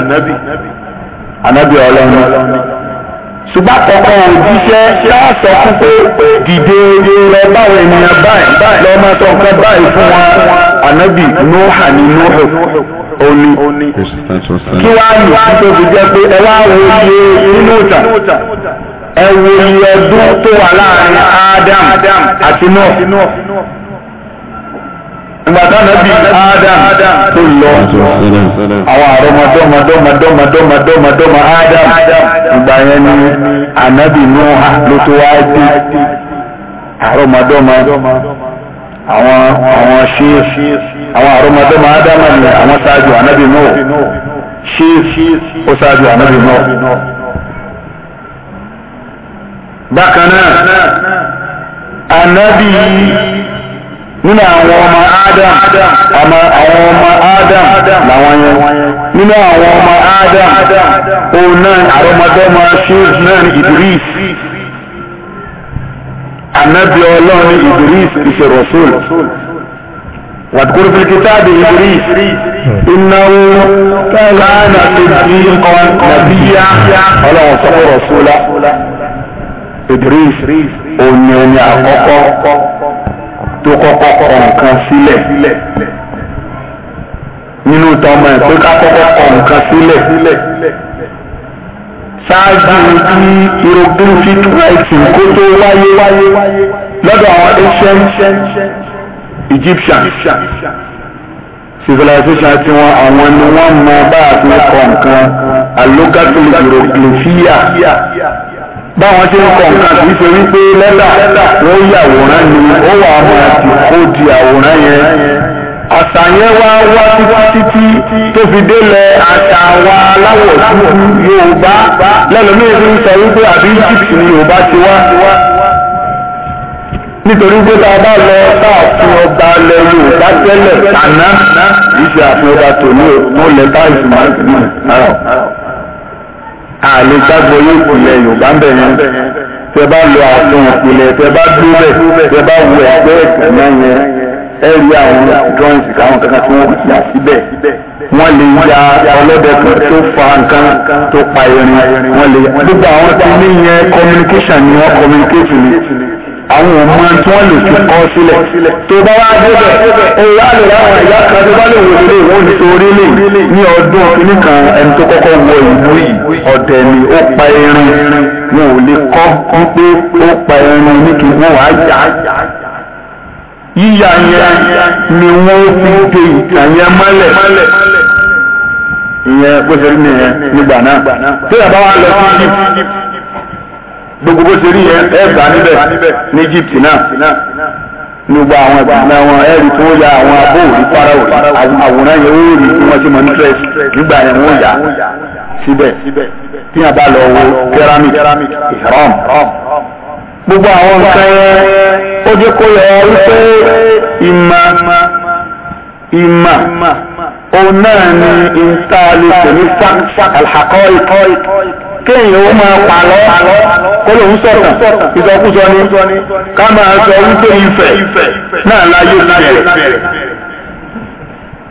ànábì ọlọ́run ṣùgbọ́n àkọ́kọ́ òjíṣẹ́ láàṣọ fún pé dìde lọ báwọn ènìyàn báyìí lọ máa sọ nǹkan báyìí fún wọn ànábì nóòhà ní nóòhà òní kí wàá nù kí tó fi jẹ́ pé ẹ wá wo iye nínú ìtàn ẹ wo iye ọdún tó wà láàrin Ádámù àti Nóòhà gbàtà nàbí Adam tó lọ àwọn àrọmọdọ́mọdọ́mọdọ́mọdọ́mọ Adam ìgbà yẹn ni ànábì Nuha ló tó wá dé àrọmọdọ́mọ àwọn àwọn ṣe àwọn àrọmọdọ́mọ Adam ni àwọn ṣáájú ànábì Nuha ṣe ó ṣáájú ànábì Nuha. bákan náà ànábì yìí nínú àwọn ọmọ Adam ọmọ àwọn ọmọ Adam làwọn yẹn nínú àwọn ọmọ Adam òun náà àrọmọdọ́mọ Sheikh náà ní Idris anabi Ọlọ́run Idris ìṣe Rasul واذكر في الكتاب إدريس إنه كان صديقا نبيا قال وصف رسولا إدريس أني أني أقوى tó kọ́kọ́ kọ nǹkan sílẹ̀ nínú tọmọ ẹ̀ pé ká kọ́kọ́ kọ nǹkan sílẹ̀ ṣáájú kí hieroglyphic writing kó tó wáyé lọ́dọ̀ àwọn ancient Egyptian civilization tí wọn àwọn ni wọ́n mọ bá a ti kọ nǹkan alógàtò hieroglyphia. báwọn ṣe ń kọ nǹkan kì í lẹ́tà wọ́n yí àwòrán ni ó wà á máa ti di àwòrán yẹn. àṣà yẹn wá wá títí tó fi délẹ̀ àṣà wa aláwọ̀ dúdú Yorùbá lẹ́lọ́mìí fi ń sọ wípé àbí Egypt ni Yorùbá ti wá. nítorí pé tá a bá àlè gbàgbọ́ yóò kù lẹ yorùbá ń bẹ̀ yẹn tẹ bá lọ àfihàn ìpìlẹ̀ tẹ bá dúró bẹ̀ tẹ bá wọ ẹgbẹ́ ẹ̀kọ́ náà yẹn ẹ rí àwọn drawings káwọn kankan tí wọ́n yà síbẹ̀ wọ́n lè ya ọlọ́dẹ kan tó fa nǹkan tó pa irin wọ́n lè gbogbo àwọn tí ní yẹn communication ni wọ́n communication ni àwọn ọmọ tí wọ́n lè fi kọ́ sílẹ̀ tó bá wá débẹ̀ òun á lè láwọn ìyá kan tó bá lè wò lè wọ́n ní torí lè ní ọdún kìíní kan ẹni tó kọ́kọ́ wọ ìlú yìí ọ̀dẹ̀ ni ó pa irin wọn ò lè kọ́ kọ́ pé ó pa irin ní kí wọ́n wá yá yíyá yẹn ni wọ́n fi de ìtàn yẹn mọ́lẹ̀ ìyẹn bó ṣe rí nìyẹn nígbà náà tó yàrá wa lọ sí Egypt gbogbo bó ṣe rí yẹn ẹ gbà níbẹ̀ ní Egypt náà gbogbo àwọn ìgbìmọ̀ àwọn ẹ̀rí tó ya àwọn abó òrí farao àwòrán yẹn ó rí bí wọ́n ti mọ nítrẹ́sì nígbà yẹn wọ́n yà síbẹ̀ tí a bá lọ wo pyramid ihram gbogbo àwọn nǹkan yẹn ó jẹ́ kó yọ wípé ìmọ̀ ìmọ̀ òun náà ni ìta lè pè ní alhakọ́ ìkọ́ ìkọ́. kéèyàn ó máa lọ kó lòun sọ̀tàn ni ká máa sọ wípé ìfẹ́ náà láyé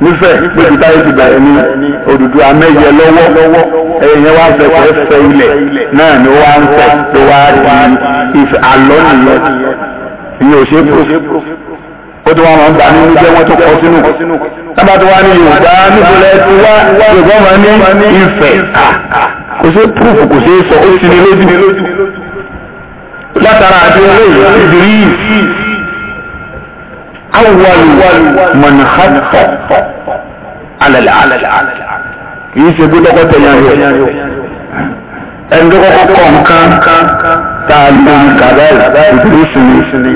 nífẹ̀ táyé ti ní òdùdú amẹ́yẹ lọ́wọ́ ẹ̀yẹ wá ilẹ̀ náà ni wá ń fẹ̀ tó wá di ìfẹ́ àlọ́ nìyẹn ìyẹn ò ṣe pro ó ti wá máa ń gbà nínú jẹ́ wọ́n tó kọ́ sínú kò ṣe púrúfù kò ṣe sọ ó sì ní lójú látara àti olóyè ìdírí awalu mọ̀nà hàtọ̀ alẹ́lẹ́ alẹ́lẹ́ alẹ́lẹ́ yìí ṣe gbé lọ́kọ́ tẹ̀yà yọ ẹni tó kọ́kọ́ kọ̀ nǹkan tá a lè ní kàbẹ́ ìdírí sinmi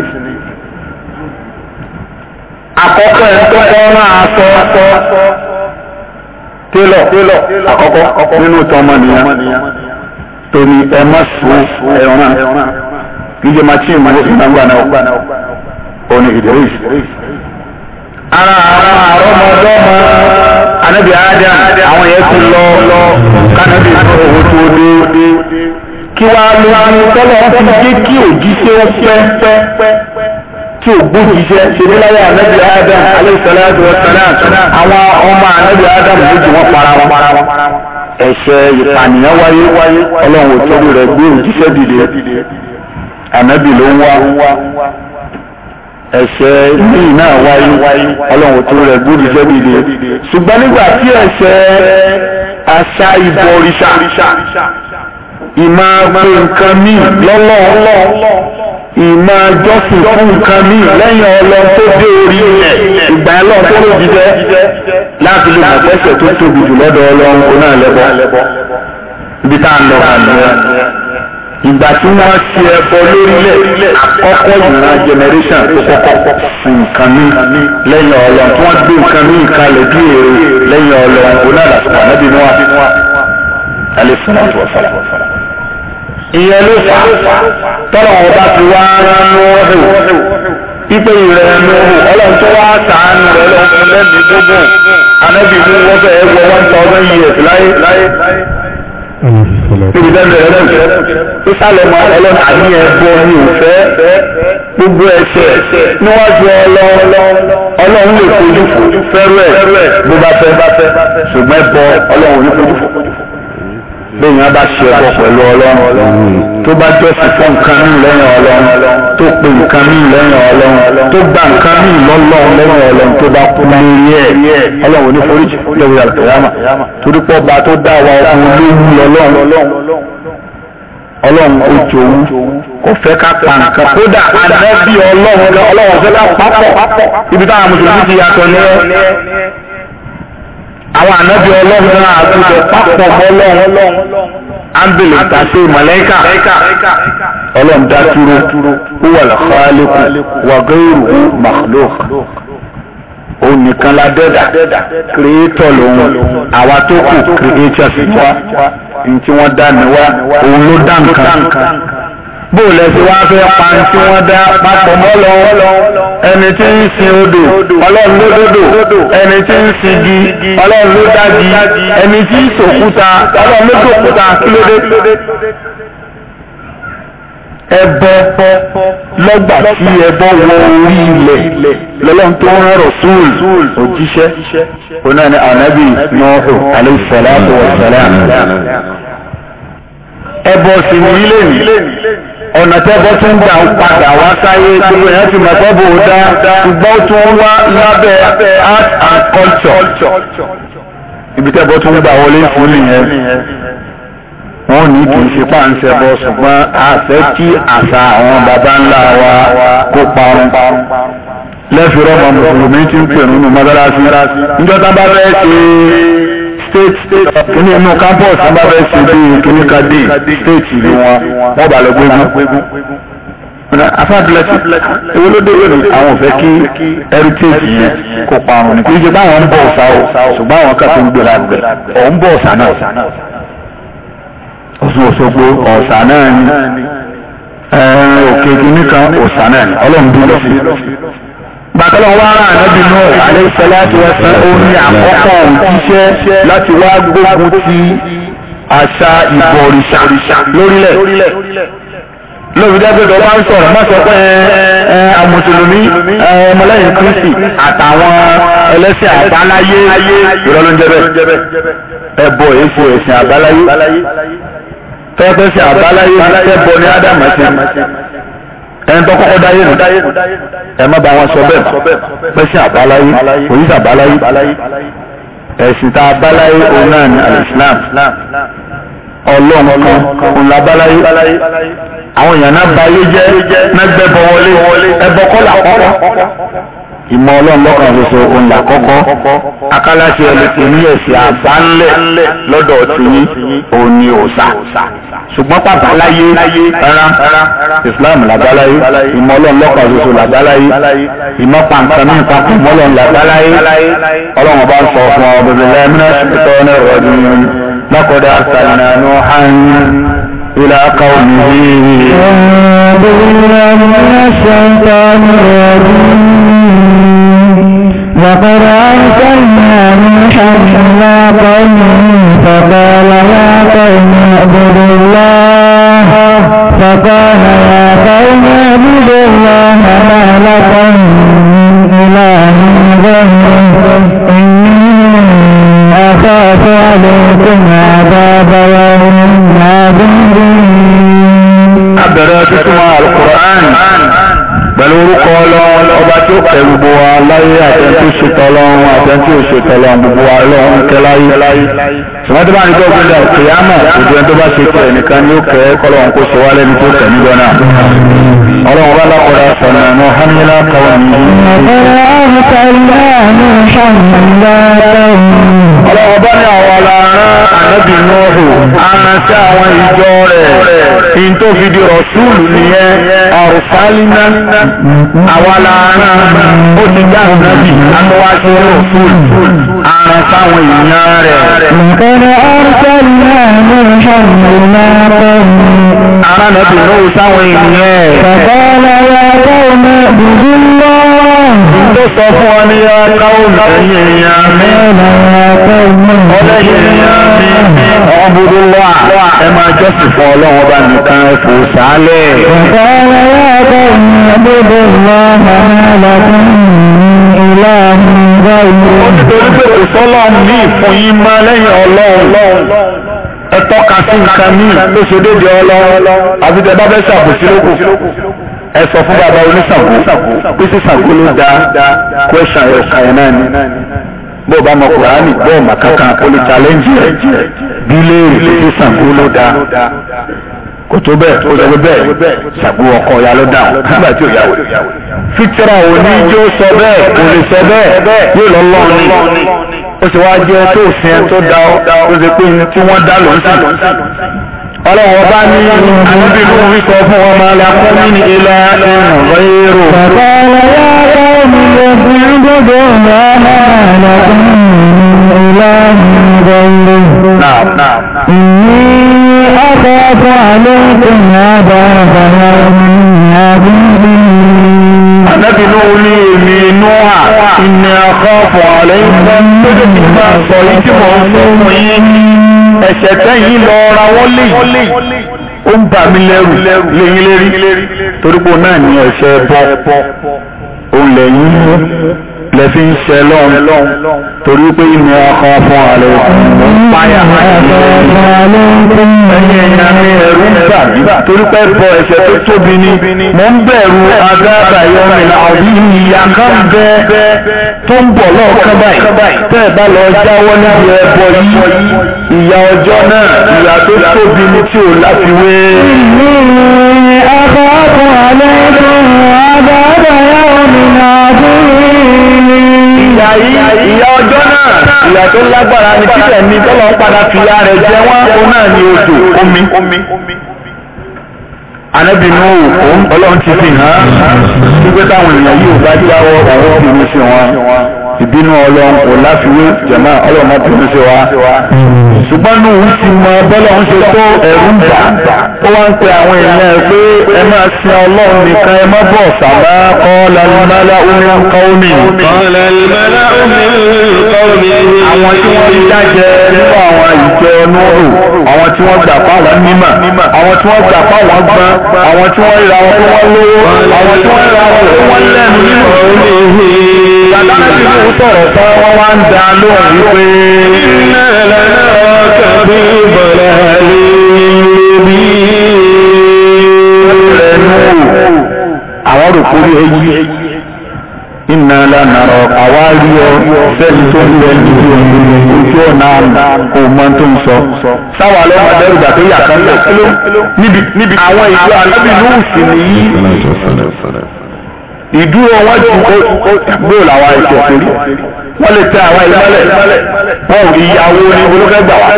àkọ́kọ́ ẹ̀ ń tọ́kọ́ náà sọ télọ̀ àkọ́kọ́ nínú tọmọnìyàn tóní ẹ má sùn ẹran níjẹ máa tí ìmọ̀ nípa gbà náà òní Idris. ara ara àrọ́mọdọ́mọ anabi adam àwọn yẹn ti lọ kánábì owó tó dé kí wàá lóyún tọ́lọ́ ti jẹ́ kí òjíṣẹ́ fẹ́ tí ò gbójú iṣẹ́ ṣe ní láyé ànábì Adam aleyhisalatu wasalam àwọn ọmọ ànábì Adam méjì wọ́n para wọn ẹ̀ṣẹ̀ ìpànìyàn wáyé Ọlọ́run òtọ́jú rẹ̀ gbé òjíṣẹ́ dìde ànábì ló ń wá ẹ̀ṣẹ̀ míì náà wáyé Ọlọ́run òtọ́jú rẹ̀ gbé òjíṣẹ́ dìde ṣùgbọ́n nígbà tí ẹ̀ṣẹ̀ àṣà ìbọ̀rìṣà ìmọ̀ pé nǹkan míì lọ́lọ́ọ̀lọ́ ìmọ̀ jọ́sìn fún nǹkan míì lẹ́yìn ọlọ́run tó dé orí rẹ̀ ìgbà ọlọ́run tó lò jíjẹ́ láti lè mọ̀ pẹ́sẹ̀ tó tóbi jù lọ́dọ̀ ọlọ́run kò náà lẹ́bọ̀ ibi tá a lọ àníyàn ìgbà tí wọ́n ṣe ẹbọ lórílẹ̀ àkọ́kọ́ ìran generation tó kọ́kọ́ nǹkan míì lẹ́yìn ọlọ́run tí wọ́n gbé nǹkan míì kalẹ̀ bí èrè lẹ́yìn ọlọ́run kò náà làtúbà nábì ìyẹn ló fà tọ́lọ̀ wọn bá fi wá ránú ọ̀hún pípé ìrẹ̀ ẹnu ọ̀hún ọlọ́run tó wá sàánú rẹ̀ lọ́wọ́ fún lẹ́mìí gbogbo anábì mú wọ́n fẹ́ wọ one thousand years láyé níbi bẹ́ẹ̀ bẹ́ẹ̀ lẹ́nu sísàlẹ̀ mọ́ ọlọ́run àníyàn ẹ̀bọ ni ò fẹ́ gbogbo ẹ̀ṣẹ̀ níwájú ọlọ́run ọlọ́run lè fojú fẹ́rẹ̀ bó bá fẹ́ ṣùgbọ́n ẹ̀bọ ọlọ́run lè fojú fún lẹ́yìn abá ṣe ẹbọ pẹ̀lú ọlọ́run tó bá jọ́sìn fún nǹkan mí lẹ́yìn ọlọ́run tó pe nǹkan mí lẹ́yìn ọlọ́run tó gba nǹkan mí lọ́lọ́run lẹ́yìn ọlọ́run tó bá kú lórí ẹ̀ ọlọ́run ò ní foríjì lẹ́yìn àlùkòyàmà torí pọ́ ba tó dá wa ọkùnrin lóyún lọ́lọ́run ọlọ́run ó jòwú kò fẹ́ ká pa nǹkan kódà ànábì ọlọ́run ọlọ́run fẹ́ ká pápọ̀ ibi táwọn mùsùlùmí ti yàtọ̀ ní ẹ àwọn ànábì ọlọ́run náà àtúntò pápọ̀ mọ́lọ́run ámbìlì tàṣe mọ̀lẹ́kà ọlọ́run dá dúró wúwà lọ́kọ́álẹ́kù wàgẹ́rù màlúù òun nìkan la dẹ́dà kìrìtọ̀ lòun àwa tó kù kìrìtọ̀ sí wa ní wọ́n dá wa òun ló dá nǹkan bóòlù ẹsẹ wá fẹ́ pa ní tí wọ́n dá papọ̀ mọ́lọ ẹni tí ń sin odò ọlọ́run ló dòdò ẹni tí ń sin igi ọlọ́run ló dági ẹni tí ń sòkúta ọlọ́run ló dòkúta kílódé. ẹbọ lọ́gbà tí ẹbọ wọ orí ilẹ̀ lọ́lọ́run tó ń rọrọ̀ súùl òjíṣẹ́ onáà ní ànábì nọ́ọ̀hù alayhi salatu wa salam ẹbọ sì ní ilé nìí ọ̀nà tẹ́gbọ́ tún gbà ń padà wá sáyé gbogbo èèyàn ti mọ̀ tọ́bù ó dá ṣùgbọ́n ó tún wá lábẹ́ art and culture ibi tẹ́gbọ́ tún gbà wọlé fún nìyẹn wọ́n ní kì í ṣe páńṣẹ́ bọ́ ṣùgbọ́n àṣẹ kí àṣà àwọn baba ńlá wa kó parun lẹ́fìrọ́mọ mùsùlùmí ti ń pè nínú mọ́tàlásí níjọ́ tá bá fẹ́ ṣe é state kìíní inú campus ní bá fẹ́ ṣe bí kìíní ka dé state ìlú wọn wọ́n bá lọ gbégún afáàdúlẹ̀tì ewé ló dé lónìí àwọn ò fẹ́ kí heritage yẹn kó parun ní kí ìjọba àwọn ń bọ̀ ọ̀sà o ṣùgbọ́n àwọn kan tó ń gbéra gbẹ ọ̀ ń bọ̀ ọ̀sà náà Ọ̀ṣun Òṣogbo ọ̀sà náà ni òkè kìíní kan ọ̀sà náà ni ọlọ́run dúró sí gbàtọ́lọ̀ wá rà nábì náà àlẹ́sẹ̀láàtì wọ́sán orin àkọ́kọ́ òjíṣẹ́ láti wá gbógun ti àṣà ìbọ̀rìṣà lórílẹ̀ lórí dágbẹ́dọ̀ bá ń sọ̀rọ̀ má sọ pé àmùsùlùmí ọmọlẹ́yìn kristi àtàwọn ẹlẹ́sìn àbáláyé ìrọ̀lọ́njẹ́bẹ̀ ẹ̀bọ̀ èso ẹ̀sìn àbáláyé tẹ́pẹ́sìn àbáláyé tẹ́bọ ní ádámẹ́sìn ẹni tó kọ́kọ́ dáyé nù ẹ má bá wọn sọ bẹ́ẹ̀ pẹ́sìn àbáláyé òyìnbó àbáláyé ẹ̀sìn tá a báláyé òun náà ní alìsílám ọlọ́run kan òun la báláyé àwọn èèyàn náà báyé jẹ́ náà gbẹ́bọ wọlé ẹbọ kọ́ là kọ́kọ́ ìmọ̀ ọlọ́run lọ́kàn ṣoṣo òun là kọ́kọ́ akálàṣe ẹlẹ́pẹ̀ ní ẹ̀sìn àbálẹ̀ lọ́dọ̀ tìyín òun ni òòṣà ṣùgbọ́n pàbáláyé rárá Islam làbáláyé ìmọ̀ ọlọ́run lọ́kàn ṣoṣo làbáláyé ìmọ̀ pàǹkan ní ìpapọ̀ ìmọ̀ ọlọ́run làbáláyé ọlọ́run bá ń sọ fún ọ bẹ̀rẹ̀ lẹ́mìnà ṣètò ọ̀nà ìrọ̀jú laqad arsalna Nuhan إلى قومه أعوذ بالله من الشيطان الرجيم لقد أرسلنا نوحا إلى قومه فقال يا قوم اعبدوا الله nǹkan tí ò ṣe tọ̀lọ̀ gbogbo wa lọ́wọ́ ń kẹ́ láyé. ṣùgbọ́n tó bá ní gbọ́gbọ́n dà kìyàmọ̀ òjò ẹni tó bá ṣe tẹ̀ nìkan ni ó kẹ́ kọ́lọ̀ ń kó ṣe wá lẹ́ni tó tẹ̀ níjọ náà. ọlọ́run bá lápọ̀dà sọ̀nà ẹ̀mọ́ hamila káwọn ọlọ́run bá ní àwọn alára ànábì náà hù àmọ́ sí àwọn ìjọ rẹ̀ in tó fi di rọ̀ṣúlù nìyẹn ọ̀rùsálínà àwàlára ó ti já nàbì àtọwáṣọ rọ̀ṣúlù àrùn sáwọn èèyàn rẹ̀. nǹkan ọ̀rùsálínà ní ìṣàlùmọ̀ náà rẹ̀. ara nàbì náà sáwọn èèyàn bàbá aláya tó ń bẹ̀rù lọ́wọ́ tó sọ fún wọn ní ya káwọn ẹ̀yìn èèyàn mi ọlẹ́yìn èèyàn mi ọ̀bùdó wà ẹ máa jọ́sìn fún ọlọ́run ọba nìkan kò sálẹ̀. ọ̀sán ẹ̀yà ọ̀bùn ọ̀bùdó wà ọ̀hánàlọ́kùn ìlà ọ̀hánàlọ́kùn. ó ti torí pé kò sọ́lọ́ ní ìfún yín mọ́ lẹ́yìn ọlọ́run ẹ tọ́ka sí nǹkan míì ló ṣe déédéé ọlọ́run àbí tẹ bá fẹ́ ṣàbòsí lókù ẹ sọ fún bàbá oníṣàngó pé sísàngó ló da kwẹsàn ẹ̀sán náà ni bó o bá mọ kùránì bó o mà kankan o lè challenge ẹ bí léèrè pé sísàngó ló da kò tó bẹ́ẹ̀ kò tó bẹ́ẹ̀ ṣàgbó ọkọ ya ló dáhùn nígbà tí ò yà wò. fitira òní jó sọ bẹ́ẹ̀ kò lè sọ bẹ́ẹ̀ yóò lọ lọ́ọ̀ ni ó sì wá jẹ́ tó sin tó da ó tó ṣe pé tí wọ́n dá lọ́sìn ọlọ́wọ́ bá ní àníbìlú wíkọ fún ọmọ alákúnmí ní ilá ìrìnàwó èrò Ànábìlú orí èmì inú à, ìnà àkọ́fọ̀ àlẹ́ ìfẹ́ tó jẹ́ kí máa sọ ìtí mọ̀ ń fún yìí ẹ̀ṣẹ̀ tẹ́yìn lọ ra wọ́n léyìí ó ń bà mí lẹ́rù lẹ́yìn lérí torípò náà ní ẹ̀ṣẹ̀ bọ́ òun lẹ́yìn mú lẹ́fí ń ṣe lọ́n torí pé inú ọkọ̀ fún ààrẹ òkun páyà torí pé bọ ẹ̀ṣẹ̀ tó tóbi ni mo ń bẹ̀rù agbára yọrin àbí ìyá kan bẹ tó ń bọ̀ lọ́ọ̀kan báyìí tẹ́ ẹ̀ bá lọ jáwọ́ níbi ẹbọ yìí ìyá ọjọ́ náà ìyá tó tóbi ni tí ò láfiwé. ìlú akọ́kọ́ àlẹ́ ìyà yìí ìyà ọjọ́ náà ìyà tó lágbára ni títẹ̀ mi tọ́lọ̀ ń padà fìyà rẹ̀ jẹ wọ́n ó náà ní odò omi. Ànábì Nuhu òun ọlọ́run ti fi hàn án wípé táwọn èèyàn yìí ò bá jáwọ́ ọ̀rọ̀ ìbínú sí wọn ìbínú ọlọ́run kò láfiwé jẹ̀mọ́ ọlọ́run má bínú sí wa ṣùgbọ́n ní òun ti mọ bọ́lá ń ṣe tó ẹ̀rú ń bà ó wá ń pe àwọn èèyàn ẹ̀ pé ẹ máa sin ọlọ́run nìkan ẹ má bọ̀ sàmá kọ́ lalimala omi nǹkan omi. àwọn tí wọ́n ń dájẹ́ nínú àwọn ìjọ nùrù àwọn tí wọ́n gbà fáwọn mímọ̀ àwọn tí wọ́n gbà fáwọn gbọ́n àwọn tí wọ́n ra wọn lówó àwọn tí wọ́n ra wọn tí wọ́n lẹ́nu Látàrí mú tọ̀rọ̀ tán wọ́n wá ń da lóhùn wípé. Iná lọ́nà ọkàn bí bọ̀lá lè bí. Àwọn rò kórí èyí. Iná lọ́nà àwa rí ọ sẹ́ni tó ń bẹ ní ojú ọ̀nà kò mọ tó ń sọ. Sáwa lọ́wọ́ àdẹ́rùgbà tó yà kan lẹ̀. Níbi àwọn ìlú àlábìlú sì nìyí ìdúró wọn ju bóòlù àwọn ẹ̀sìn òkèrí wọ́n lè tẹ àwọn ìmọ́lẹ̀ wọ́n rí ìyàwó ní olókẹ́ gbà wá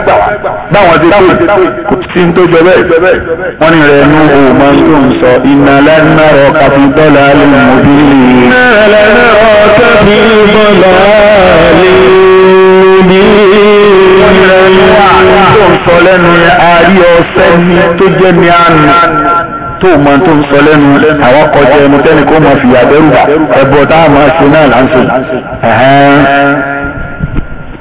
báwọn ti tó kò sí ní tó jẹ bẹ́ẹ̀ wọ́n ní rẹ̀ ní o máa ń tó ń sọ iná lẹ́nà rọ kàfin lè mú bí lè. iná lẹ́nà rọ kàfin lè mú bí lè. wọ́n ní rẹ̀ ní o tó ń sọ lẹ́nu yẹn a tó jẹ́ ní àná tó mọ tó ń sọ lẹ́nu àwọn kọjá ẹnu tẹ́ni kó mọ fìyà dẹ́rùbà ẹ̀bọ tá a máa ṣe náà láǹṣe.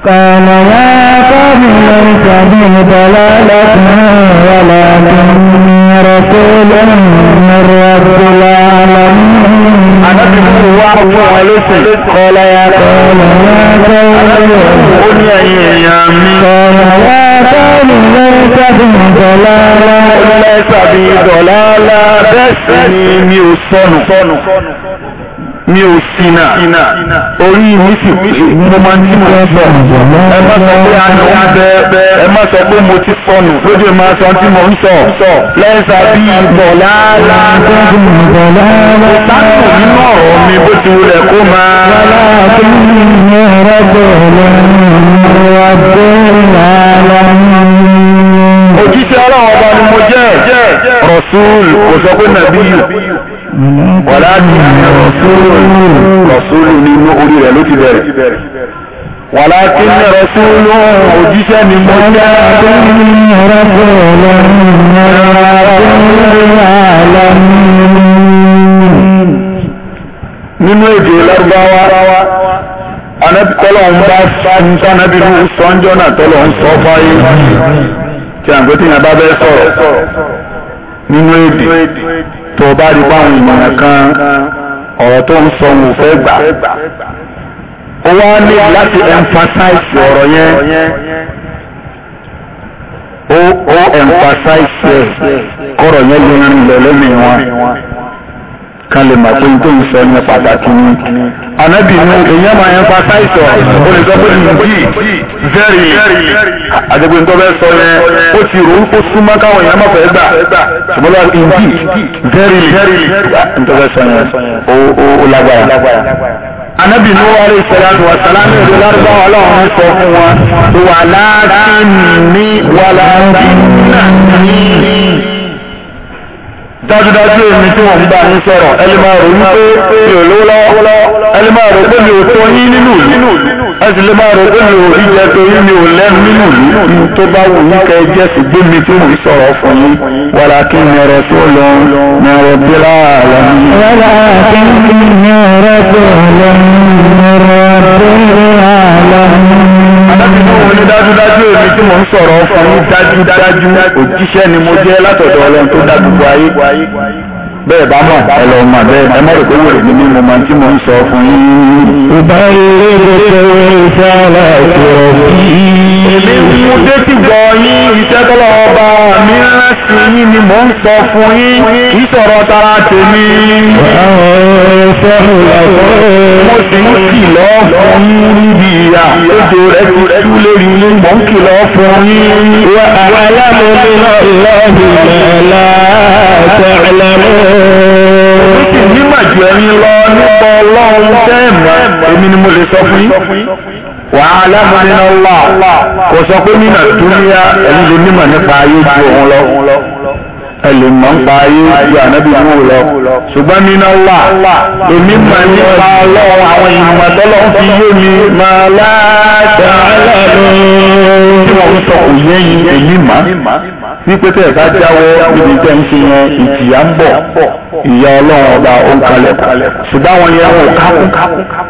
قال يا قوم ليس بي ضلالة ولكني رسول من رب العالمين قال يا قوم يا قوم قال يا kánù lẹ́sà bí dọ̀láàlá. lẹ́sà bí dọ̀láàlá bẹ́ẹ̀ sì ni mi ò sọnù mi ò ṣìnà orí mi sì mo máa ń tí mo sọ ẹ má sọ pé àná ń bẹ ẹ má sọ pé mo ti sọnù lójú ẹ máa sọ tí mo ń sọ lẹ́sà bí ìbọ̀ láàlá kò sánù nínú ọ̀rọ̀ mi bó ti wulẹ̀ kó máa. Òjíṣẹ́ ọlọ́run ọba ni mo jẹ́, Rọ̀súùl, kò sọ pé nàbíyù. Wàlá ni Rọ̀súùl, Rọ̀súùl ni inú orí rẹ̀ ló ti bẹ̀rẹ̀. Wàlá kí ní Rọ̀súùl, òjíṣẹ́ ni mo jẹ́. Nínú èdè Lárúbáwá anabi tọ́lọ́hún bá sánábì mú sọ́njọ́ náà tọ́lọ́hún sọ fáyé tí àgbẹ̀ tí yẹn bá bẹ́ sọ̀rọ̀ nínú èdè tó bá rí báwọn ìmọ̀ràn kan ọ̀rọ̀ tó ń sọ ń fẹ́ gbà ó wá ní láti emphasize ọ̀rọ̀ yẹn ó emphasize kọ̀rọ̀ yẹn lórí ìlẹ̀lẹ́mì wọn kan lè mọ̀ pé n tó ń sọ ní pàtàkì ni. Ànábì ní èèyàn máa ń fata ìsọ̀ o lè sọ pé very àdégbé ń tọ́bẹ̀ sọ yẹn ó ti rò ó súnmọ́ káwọn èèyàn máa fẹ́ gbà ṣùgbọ́n lọ́wọ́ nìyí very ń tọ́bẹ̀ sọ yẹn ó lágbára. Ànábì ní wàhálà ìsọ̀rọ̀ wa sàlámì ìlú lárúbáwá ọlọ́run sọ fún wa wàhálà tí ní wàhálà tí náà ní dájúdájú èmi tí wọ́n ń bá yín sọ̀rọ̀ ẹni máa rò wípé mi ò lówó lọ́wọ́ ẹni máa rò pé mi ò tó yín nínú ìlú ẹ sì lè máa rò pé mi ò rí jẹ torí mi ò lẹ́nu nínú ìlú tó bá wù yín kẹ́ jẹ́ sì gbé mi tí mò ń sọ̀rọ̀ fún yín wàrà kí n yọrọ sí lọ yọrọ bí láàlá. wàrà kí n yọrọ bí láàlá yọrọ bí láàlá ní dájúdájú èmi tí mò ń sọ̀rọ̀ fún yín dájúdájú òjíṣẹ́ ni mo jẹ́ látọ̀dọ̀ ọlọ́run tó dá gbogbo ayé bẹ́ẹ̀ bá mọ̀ ẹ lọ mọ̀ bẹ́ẹ̀ ẹ mọ̀ rògbò wòlé ní mímu máa tí mo ń sọ fún yín. ìbá ilé ìgbésẹ̀ iṣẹ́ aláìsọ̀rọ̀ bí. èmi mú détí gbọ́ yín iṣẹ́ tọ́lọ́ ọba mi rán yín ni mò ń sọ fún yín kì í sọ̀rọ̀ tara tèmi. mo sì ń kìlọ̀ fún yín níbi ìyá ojú rẹ̀ ti tú lérí mò ń kìlọ̀ fún yín. wà á yá mi àlámù nínú wà kò sọ pé nínà dúníyà ẹni lè nímọ̀ nípa ayé ju òun lọ ẹlò mọ̀ ń pa ayé ju ànábì mú lọ ṣùgbọ́n nínú wà èmi mọ̀ nípa ọlọ́run àwọn ìmọ̀ tọ́lọ́ fi yé mi máa láàjà aláàbò tí wọ́n sọ kò yẹ yín èyí mà wípé tẹ̀ ká jáwọ́ níbi tẹ̀ ń fi yan ìjìyà ń bọ̀ ìyá ọlọ́run ọba ó ń kalẹ̀ ṣùgbọ́n àwọn yẹn wọn ò kákùn.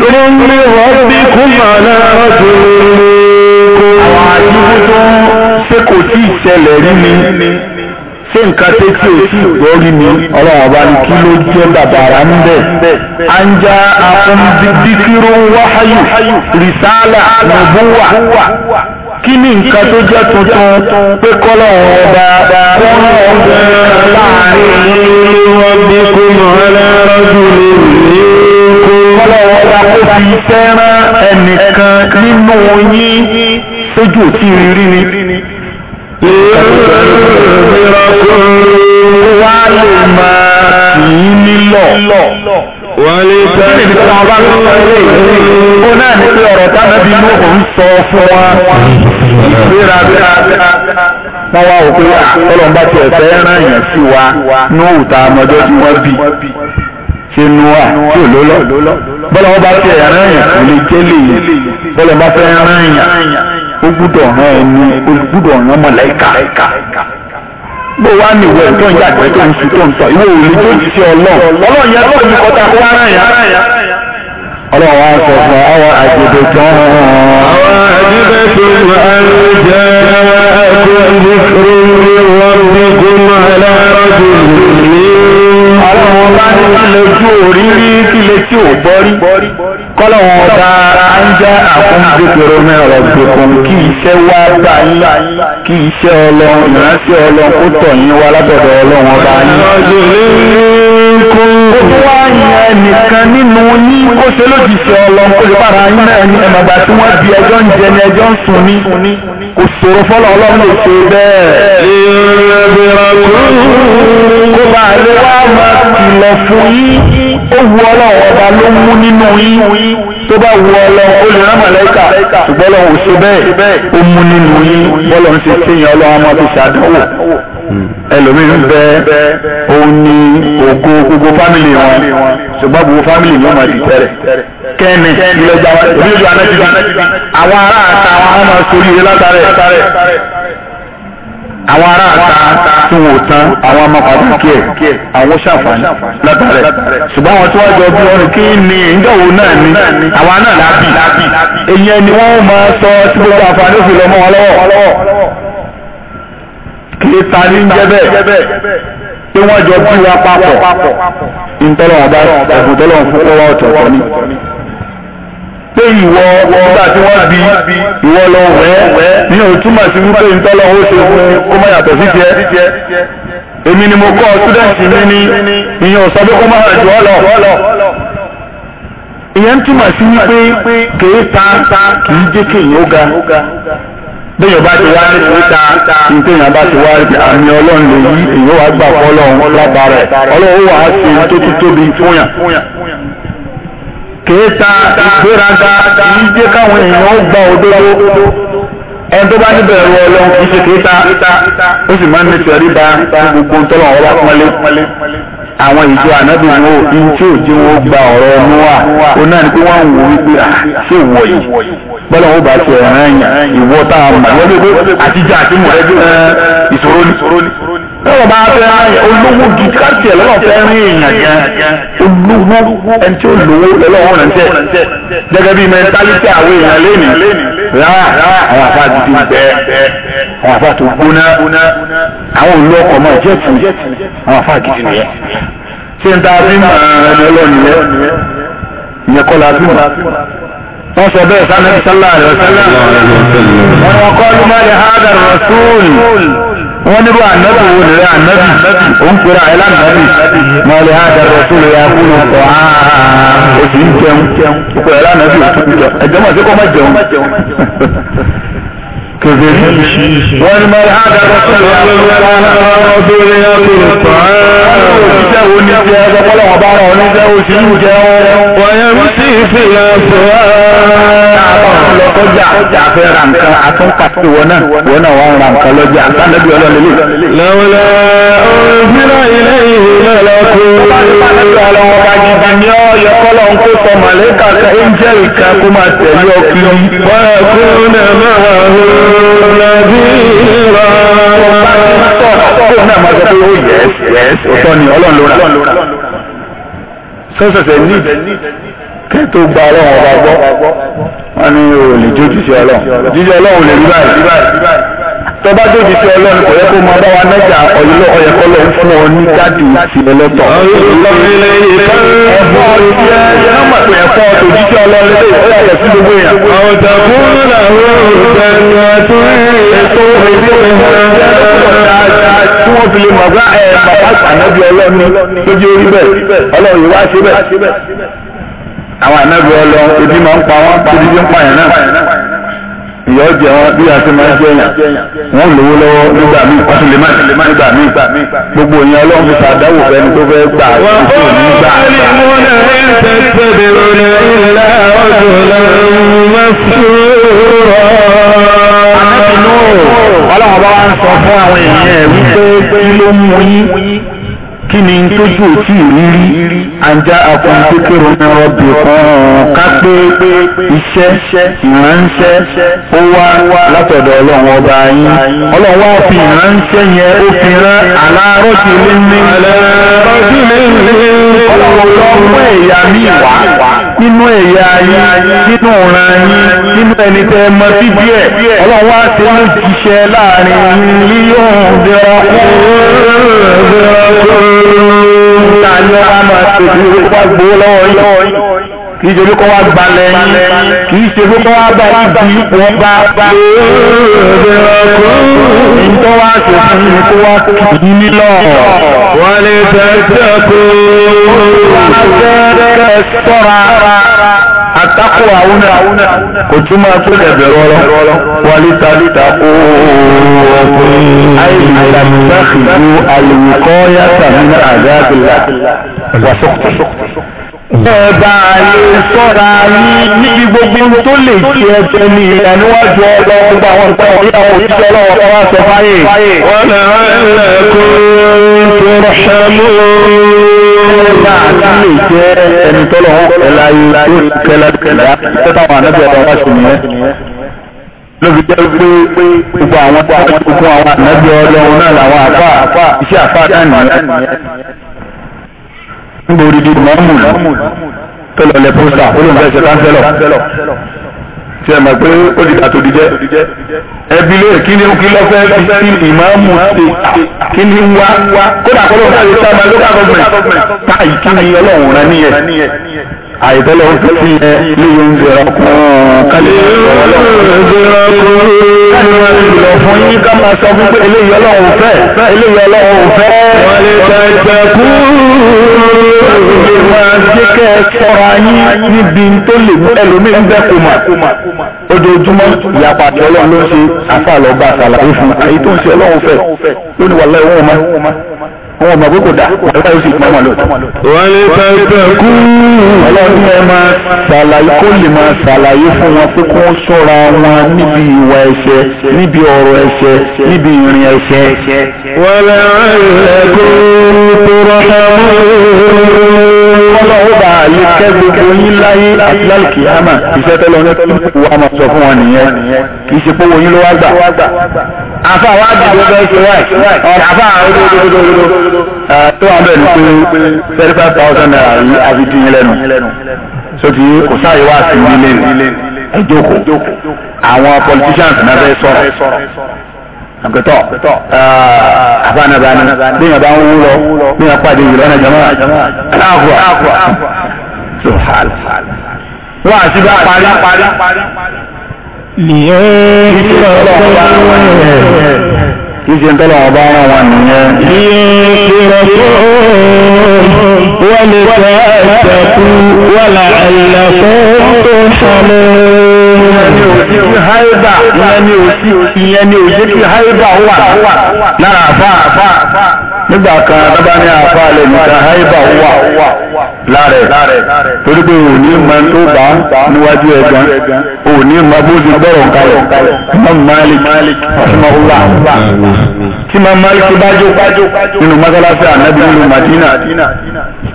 ní rọ́bì kúmọ̀ náà tó àwọn àdúgbò tó ṣe kò tí ì ṣẹlẹ̀ rí ni ṣé nǹkan tó tí ò tí ì gbọ́ rí ni ọlọ́run ọba ní kí ló jẹ́ bàbàrà ń bẹ̀. à ń já akọ́ndídíkíró wáhayù rìsálà nùbúwà kí ni nǹkan tó jẹ́ tuntun pé kọ́lọ̀ ọba kọ́lọ̀ ọba láàrin rọ́bì kúmọ̀ náà rọ́bì lè rí ọlọ́wọ́ ọba kó fi fẹ́ràn ẹnìkan nínú yín tójú òtí rírí ni. wá lè máa kì í nílọ̀. wọ́n lè sọ ní ìdíkọ́ ọba tó sọ ilé ìlú. ó náà ní pé ọ̀rọ̀ táwọn ẹbí inú òun sọ fún wa. wọ́n wá òpin ah, ọlọ́mbà tí ẹ̀fẹ́ ràn yàn sí wa ní òòtà àmọ́jọ́ tí wọ́n bì ṣe nuwa tí ò lólọ bọ́lá wọn bá fẹ́ ẹ̀rán yàn kò lè jẹ́ lè yàn bọ́lá wọn bá fẹ́ ẹ̀rán yàn ó gbúdọ̀ hàn ẹni ó gbúdọ̀ hàn mọ̀lẹ́kà bó wá ní ìwé tó ń yàgbẹ́ tó ń sùn tó ń tọ̀ ìwé òòlù tó ti ṣe ọlọ́ọ̀ ọlọ́ọ̀ yẹn lọ́ọ̀ ní kọ́ta kó ara yàn ọlọ́wọ́ á sọ fún àwọn àjèjì tán. àwọn àjèjì tó ń bá ń jẹ́ ẹ̀kọ́ ìdíkùrú ní wọ́n ní kó máa lọ́rọ́ jù ní ọlọ́run bá ní kí lè ju òrírí kí lè tí ò gbọ́rí kọ́lọ́run ọ̀dà ara ń já àkúndékèrò mẹ́rọ̀ gbẹ̀kùn kí iṣẹ́ wá bá yín kí iṣẹ́ ọlọ́run ìrántí ọlọ́run kó tọ̀ yín wá látọ̀dọ̀ ọlọ́run ọba yín. ó tún wá yẹn nìkan nínú yín kó ṣe lójijì ọlọ́run kó lè bára yín náà ní ẹ̀mọ̀gbà tí wọ́n di ẹjọ́ ń jẹ ní ẹjọ́ ń sùn ní kò ṣòro fọ́lọ́ ọlọ́run lè ṣe bẹ́ẹ̀ ọba àlè wa máa kìlọ̀ fún yín ó wu ọlọ́run ọba ló mú nínú yín tó bá wu ọlọ́run ó lè rán màlẹ́kà ṣùgbọ́n ọlọ́run ò ṣe bẹ́ẹ̀ ó mú nínú yín bọ́lọ́run ṣe kéèyàn ọlọ́run á máa fi ṣàdánwò ẹlòmíràn bẹ òun ni ògo gbogbo fámìlì wọn ṣùgbọ́n gbogbo fámìlì yóò máa di tẹ́rẹ̀ kẹ́ni ilẹ̀ ìjà wọn ìlú ìjọ anájíbi àwọn ará àtàwọn ọmọ sórí ilé látàrẹ̀ àwọn ará àta tí wọn ò tán àwọn amapàdùkì ẹ àwọn ṣàǹfààní látàrẹ ṣùgbọ́n àwọn tí wọ́n jọ bí ọrùn kí ni ìjọwò náà ni àwa náà lábì èyí ẹni wọ́n máa sọ tí gbogbo àǹfààní òfin lọ́mọ wọn lọ́wọ́ kì í ta ní jẹ́ bẹ́ẹ̀ pé wọ́n jọ bí wa papọ̀ ìtọ́lọ́wọ́n bá ẹ̀bùn tọ́lọ́wọ́n fún kọ́wọ́ ọ̀tọ̀ọ̀tọ̀ ni pé ìwọ nígbà tí wọ́n bí ìwọ lọ wẹ́ ní òtúmọ̀ sí wípé ìtọ́lọ́ ó ṣe fún kó má yàtọ̀ sí tiẹ̀ èmi ni mo kọ́ ṣúdẹ̀ǹtì mi ní ìyẹn ò sọ pé kó má rẹ̀ jù ọ́ lọ ìyẹn túmọ̀ sí wípé kèé ta kìí jẹ́ kéèyàn ó ga bẹ́ẹ̀ bá ti wá ní ìta ìtẹ̀yìn bá ti wá àmì ọlọ́run lè yí èyí wá gbà fọlọ́run lábàárẹ̀ ọlọ́run ó wà ṣe tó tún tóbi fún yàn. kèéta ìgbéraga kìí jẹ́ káwọn èèyàn ó gba òdodo ẹni bá níbẹ̀ ẹ̀rọ ọlọ́run kìí ṣe kèéta ó sì máa ń ní gbogbo tọ́lọ̀ ọ̀rọ̀ pọ́nlé àwọn ìjọ ànábì wọn ò ní wọn gba ọ̀rọ̀ ó náà ní pé wọ́n ń wò wípé ah, ṣé ìwọ yìí bọ́lá wọn bá ti lọ́wọ́ bá fẹ́ olówó gidi káàkiri lọ́wọ́ fẹ́ rí èèyàn gan olówó ẹni tí ó lówó lọ́wọ́ rẹ̀ ń tẹ̀ gẹ́gẹ́ bí mẹ́ntálítì àwọn èèyàn lẹ́nìí rárá àwọn àfa àti bẹ́ àwọn àfa tó gbóná àwọn olú ọkọ̀ máa jẹ́ tì àwọn àfa gidi nìyẹn ṣé n ta fi mọ̀ ẹni ọlọ́ọ̀nìyẹn ìyẹn kọ́ la fi mọ̀ wọ́n sọ bẹ́ẹ̀ sanabi sallallahu alaihi wasallam wọ́n wọ́n kọ́ luma lè hada rasul wọ́n nílò ànábì wo nílò ànábì ó ń pèrè àyẹ̀lá ànábì máa lè hada rasul ya kú ló kọ́ ó sì ń jẹun ó pèrè àyẹ̀lá ànábì ó tún jẹun ẹ̀jẹ̀ mọ̀ sí kó má jẹun wọ́n ní máa hada rasul ya kú ló kọ́ ó pèrè àyẹ̀lá ànábì ó tún jẹun ó ní jẹ́ ẹgbẹ́ pọ́lọ́wọ́ bá rọ̀ ní jẹ́ ó ń jẹun. wọ́n ọjà fẹ́ ra nǹkan àtúntàkì wọn náà wọn náà wọn ra nǹkan lọ́jà àtàlẹ́bí ọlọ́lẹ́lẹ́. lọ́wọ́lá òǹfìlà ilé ìwé lọ́kọ́. ọba nípa nípa ọlọ́wọ́ bá jí bá ní ọ̀yọ́ kọ́lọ̀ ń kó sọ màlẹ́kà ká ń jẹ́ ìka kó máa tẹ̀lé ọkùnrin. wọ́n kún náà máa hó lábí ìrọ̀. ọba nípa sọ̀rọ̀ kó náà máa sọ pé ó yẹ ẹ́ ọ̀tọ̀ ni ọlọ́run ló ra sọ́sẹ̀sẹ̀ ní kẹ́tó gba ọlọ́run ọba gbọ́ wọ́n ní o lè jójú sí ọlọ́run jíjẹ ọlọ́run lè rí báyìí tọba jójú sí ọlọ́run kò yẹ kó máa bá wa nájà ọ̀yọ́ ọ̀yẹ̀kọ́ lọ ń fún ọ ní jáde sí ọlọ́tọ̀. ẹ̀fọ́ ìjẹ́ nọ́mbà pé ẹ̀fọ́ òjíṣẹ́ ọlọ́run lè fẹ́ ẹ̀ sí gbogbo èèyàn. ọ̀dà fún làwọn òṣèlú àti ètò ìdíje wọ́n fi lè mọ̀ bá ẹ̀ bàbá àgbà náà lójú orí bẹ́ẹ̀ ọlọ́run yìí wá síbẹ̀ àwọn ànábì ọlọ ebi máa ń pa wọn ebi ti ń pààyàn náà ìyà ọjà wọn bí a ti máa ń jẹyàn wọn lówó lọ́wọ́ nígbà míì wọn ti lè má nígbà míì gbogbo ìyẹn Ọlọ́run fi ṣàdáwò fẹ́ni tó fẹ́ gbà tó tó ní gbà. Ọlọ́run bá wá ń sọ fún àwọn èèyàn ẹ̀ wípé kí ló mú yín kí ni tójú òtí ìrírí ajá akun kékeré ní ọbẹ̀ kan ká pé iṣẹ́ ìránṣẹ́ ó wá látọ̀dọ̀ ọlọ́run ọba yín ọlọ́run wá fi ìránṣẹ́ yẹn ó fi rán alárọ́jì lẹ́ni alárọ́jì lẹ́ni ọlọ́run lọ́wọ́ ẹ̀yà mi wá nínú ẹ̀yà yín nínú ọ̀ràn yín nínú ẹni tẹ́ mọ sí díẹ̀ ọlọ́run wá ṣe ní jíṣẹ́ láàrin yín lílọ́ọ̀dẹ́rọ̀ kúrò níta ni wọ́n á máa tètè owó kó wá gbowó lọ́wọ́ yìí kì í ṣe kó wá gbalẹ̀ yìí kì í ṣe kó wá bá ibi wọn bá lóòrè ìtọ́ wá ṣe fún mi kó wá kì í nílọ. wọ́n lè tẹ̀sẹ̀ kó o. wọ́n á fẹ́rẹ̀ sọ́ra àtakò àwọn kò túmọ̀ pé ẹ̀bẹ̀rù ọlọ́ wọlé tàbí takò ọ̀gbìn àìlèdàgbàkìlú àlùkọ́ yàtà nínú àdáàbìlà wàṣọ́kùtù. Ẹ bá a lè sọ́ra yín níbi gbogbo tó lè ṣe ẹsẹ̀ ní ìlà níwájú ọlọ́ gbogbo àwọn ìpẹ́ ọ̀yà òṣìṣẹ́ ọlọ́wọ́ ọ̀rọ̀ àṣọ fáyé. Wọ́n lè rán ẹ̀rẹ́ kó tó rọ̀ ṣẹ́mú lè jẹ́ ẹni tọ́lọ̀ wọn pẹ̀lá ilá yóò sì kẹ́lá kẹ́lá tẹ́tàwọn ànábì ọ̀dọ̀ wá sí nìyẹn. lóbi jẹ́ pé gbogbo àwọn tí wọ́n ti fún àwọn ànábì ọlọ́run náà làwọn àfà iṣẹ́ àfà náà nìyẹn. níbo rí di mọ́mù tọ́lọ̀ lẹ́ pósítà ó lóun fẹ́ ṣe káńsẹ́lọ̀ tí a mọ̀ pé ó di dàtò díjẹ́ ẹbí lóye kí ni kí lọ́fẹ́ kí ìmáàmù ṣe kí ni wá kódà kọ́ ló ń sáré sábà lókà gọ́ọ̀mẹ̀ntì táyì kí ni ọlọ́run rẹ níyẹn àìtọ́lọ́ fi fi yẹ léyìn oúnjẹ rẹ kún un kálí ìlọ fún yín ká máa sọ fún pé eléyìí ọlọ́run fẹ́ eléyìí ọlọ́run fẹ́. wọ́n lè tẹ̀sẹ̀ kúrú òye máa jẹ́ kẹ́ ojoojúmọ́ ìyapa tí ọlọ́run ló ń ṣe àfàlọ́gbà àtàlà òfin àyè tó ń ṣe ọlọ́run fẹ́ lónìí wàlẹ́ òun ma àwọn ọmọ gbogbo dà ọlọ́pàá yóò sì pọn ọmọ lóòótọ́. wọ́n lè fẹ́ fẹ́ kú. ọlọ́run ẹ máa ṣàlàyé kó lè máa ṣàlàyé fún wọn pé kó ṣọ́ra wọn níbi ìwà ẹ̀ṣẹ̀ níbi ọ̀rọ̀ ẹ̀ṣẹ̀ níbi ìrìn ẹ̀ṣẹ̀. wọ́n lè rẹ̀ kó tó rọ́ṣà mọ́ ọlọ́wọ́ bá àyè kẹ́ gbogbo yín láyé àti láìkì àmà ìṣẹ́tẹ́lọ́nẹ́tì wà máa sọ fún wọn nìyẹn kì í ṣe pé owó yín ló wá gbà àfa wa dìbò bẹ́ẹ̀ ṣe wáì do olódodododo tó wà bẹ́ẹ̀ ni pé thirty five thousand naira yìí àfi dín in lẹ́nu sotí kò sáàyè wá sí ní ilé ẹjọ́kọ̀ àwọn politicians náà fẹ́ sọ̀rọ̀ àgbẹ̀tọ̀ àbánabáni bíyàn bá ń wú lọ bíyàn pàdé ìlú ọ̀nà jama aláàbò subhanallah wọ́n àti bá parí. Ìṣe ń tọ́lọ̀ ọba ara wa nìyẹn. Ìṣirò tó wọ́n lè tẹ́ ẹ̀sẹ̀kú wọ́n là ẹ̀lẹ̀ fún tó sọmọ́. Ìyẹn ni òjì kí háìbà wà lára àfáà nígbà kan bàbá ní àfa lè níta haiba wà láàrẹ̀ torí pé ò ní mọ tó bá níwájú ẹ̀gán ò ní mọ bó ti gbọ́rọ̀ kalẹ̀ Imam Malik rahimahullah tí Imam Malik bá jó nínú mọ́sálásí ànábi nínú Madina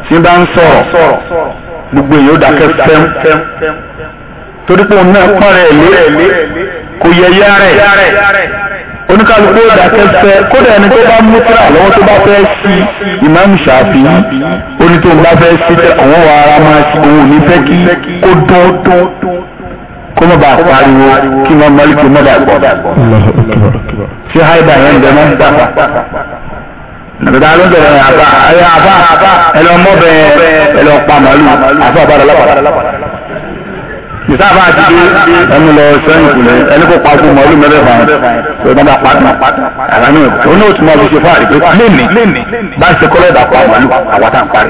tí bá ń sọ̀rọ̀ gbogbo èèyàn dákẹ́ fẹ́m torí pé òun náà pọ́n rẹ̀ lé kò yẹ yá rẹ̀ oníkálukú ó dákẹ́sẹ́ kódà ẹni tó bá mú tíra lọ́wọ́ tó bá fẹ́ sí ìmáàmù ṣàfi oní tó ń bá fẹ́ sí àwọn wa ara máa sí òun ní fẹ́ kí kó dún dún kó má bàa pariwo kí wọ́n mọ́lìkì má bàa gbọ́. ṣé haida yẹn ń bẹ mọ́ nígbà nàgbàdà ló ń bẹ̀rẹ̀ àbá ẹ̀lọ́mọ́bẹ̀ ẹ̀lọ́pàmọ́lù àfọ̀ àbára lápàdà ìsáàbà àti dé ẹnu lọ sẹ́yìn kùnú ẹni kó pa fún mọ́lú mẹ́rẹ̀fà tó dábàá pàtó àlànà òun náà tún máa fi ṣe fún àdìgbé léèní bá ṣe kọ́lọ́ ìdàpọ̀ àmọ́lù àwọ̀tá ń parí.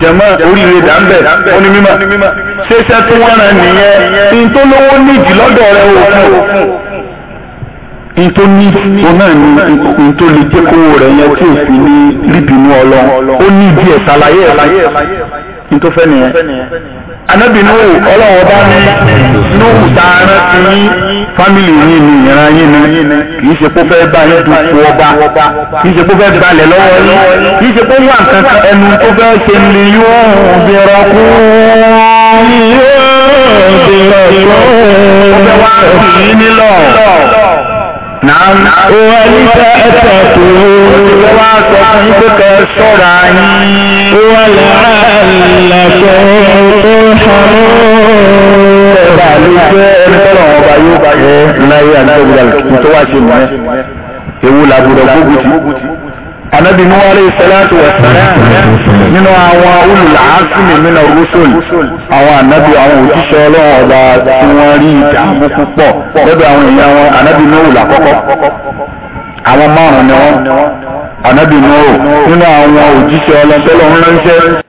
jẹ̀mọ́ oríire dàmbẹ̀ ó mímọ́ ṣẹṣẹ́ tó wọ́n rẹ̀ nìyẹn ní tó níjì lọ́dọ̀ rẹ̀ òfin ntoni ona ni ntoli jẹkowo rẹ yẹn tí o fi ní ribinu ọlọ ó ní ibi ẹ ṣàlàyé ẹ ntofẹ nìyẹn anabi nuhu ọlọ́wọ́ bá ní nuhu tààrà ti yín fámìlì yín ni ìran yín ni kì í ṣe kó fẹ́ bá yín dupò ọba kì í ṣe kó fẹ́ balẹ̀ lọ́wọ́ yín kì í ṣe kó wà kankan ẹnu tó fẹ́ ṣe ni yóò bẹ̀rọ kú yóò bẹ̀rọ kú ó fẹ́ wá sí yín Nàám. Ó wá níta ẹ̀ta tó. Ó wá sọ fún pé kẹ sọ́ra yín. Ó wá làálàkọ̀ tó hàmú. Ẹ̀ka ló jẹ́ ẹni tọ́lọ̀ wọn bá yóò bá yẹ láyé àdúgbò tó wá ṣe mọ́ ẹ̀. Ewu làbúrò gbógun ti anabi nuwa alayhi salatu wa salam nínú àwọn olùlàásìmì nínú rusul àwọn anabi àwọn òjíṣẹ́ ọlọ́run ọba tí wọ́n rí ìdààmú púpọ̀ lọ́dọ̀ àwọn èèyàn wọn anabi nuwa làkọ́kọ́ àwọn márùn-ún ni wọ́n anabi nuwa nínú àwọn òjíṣẹ́ ọlọ́run tọ́lọ́run ránṣẹ́.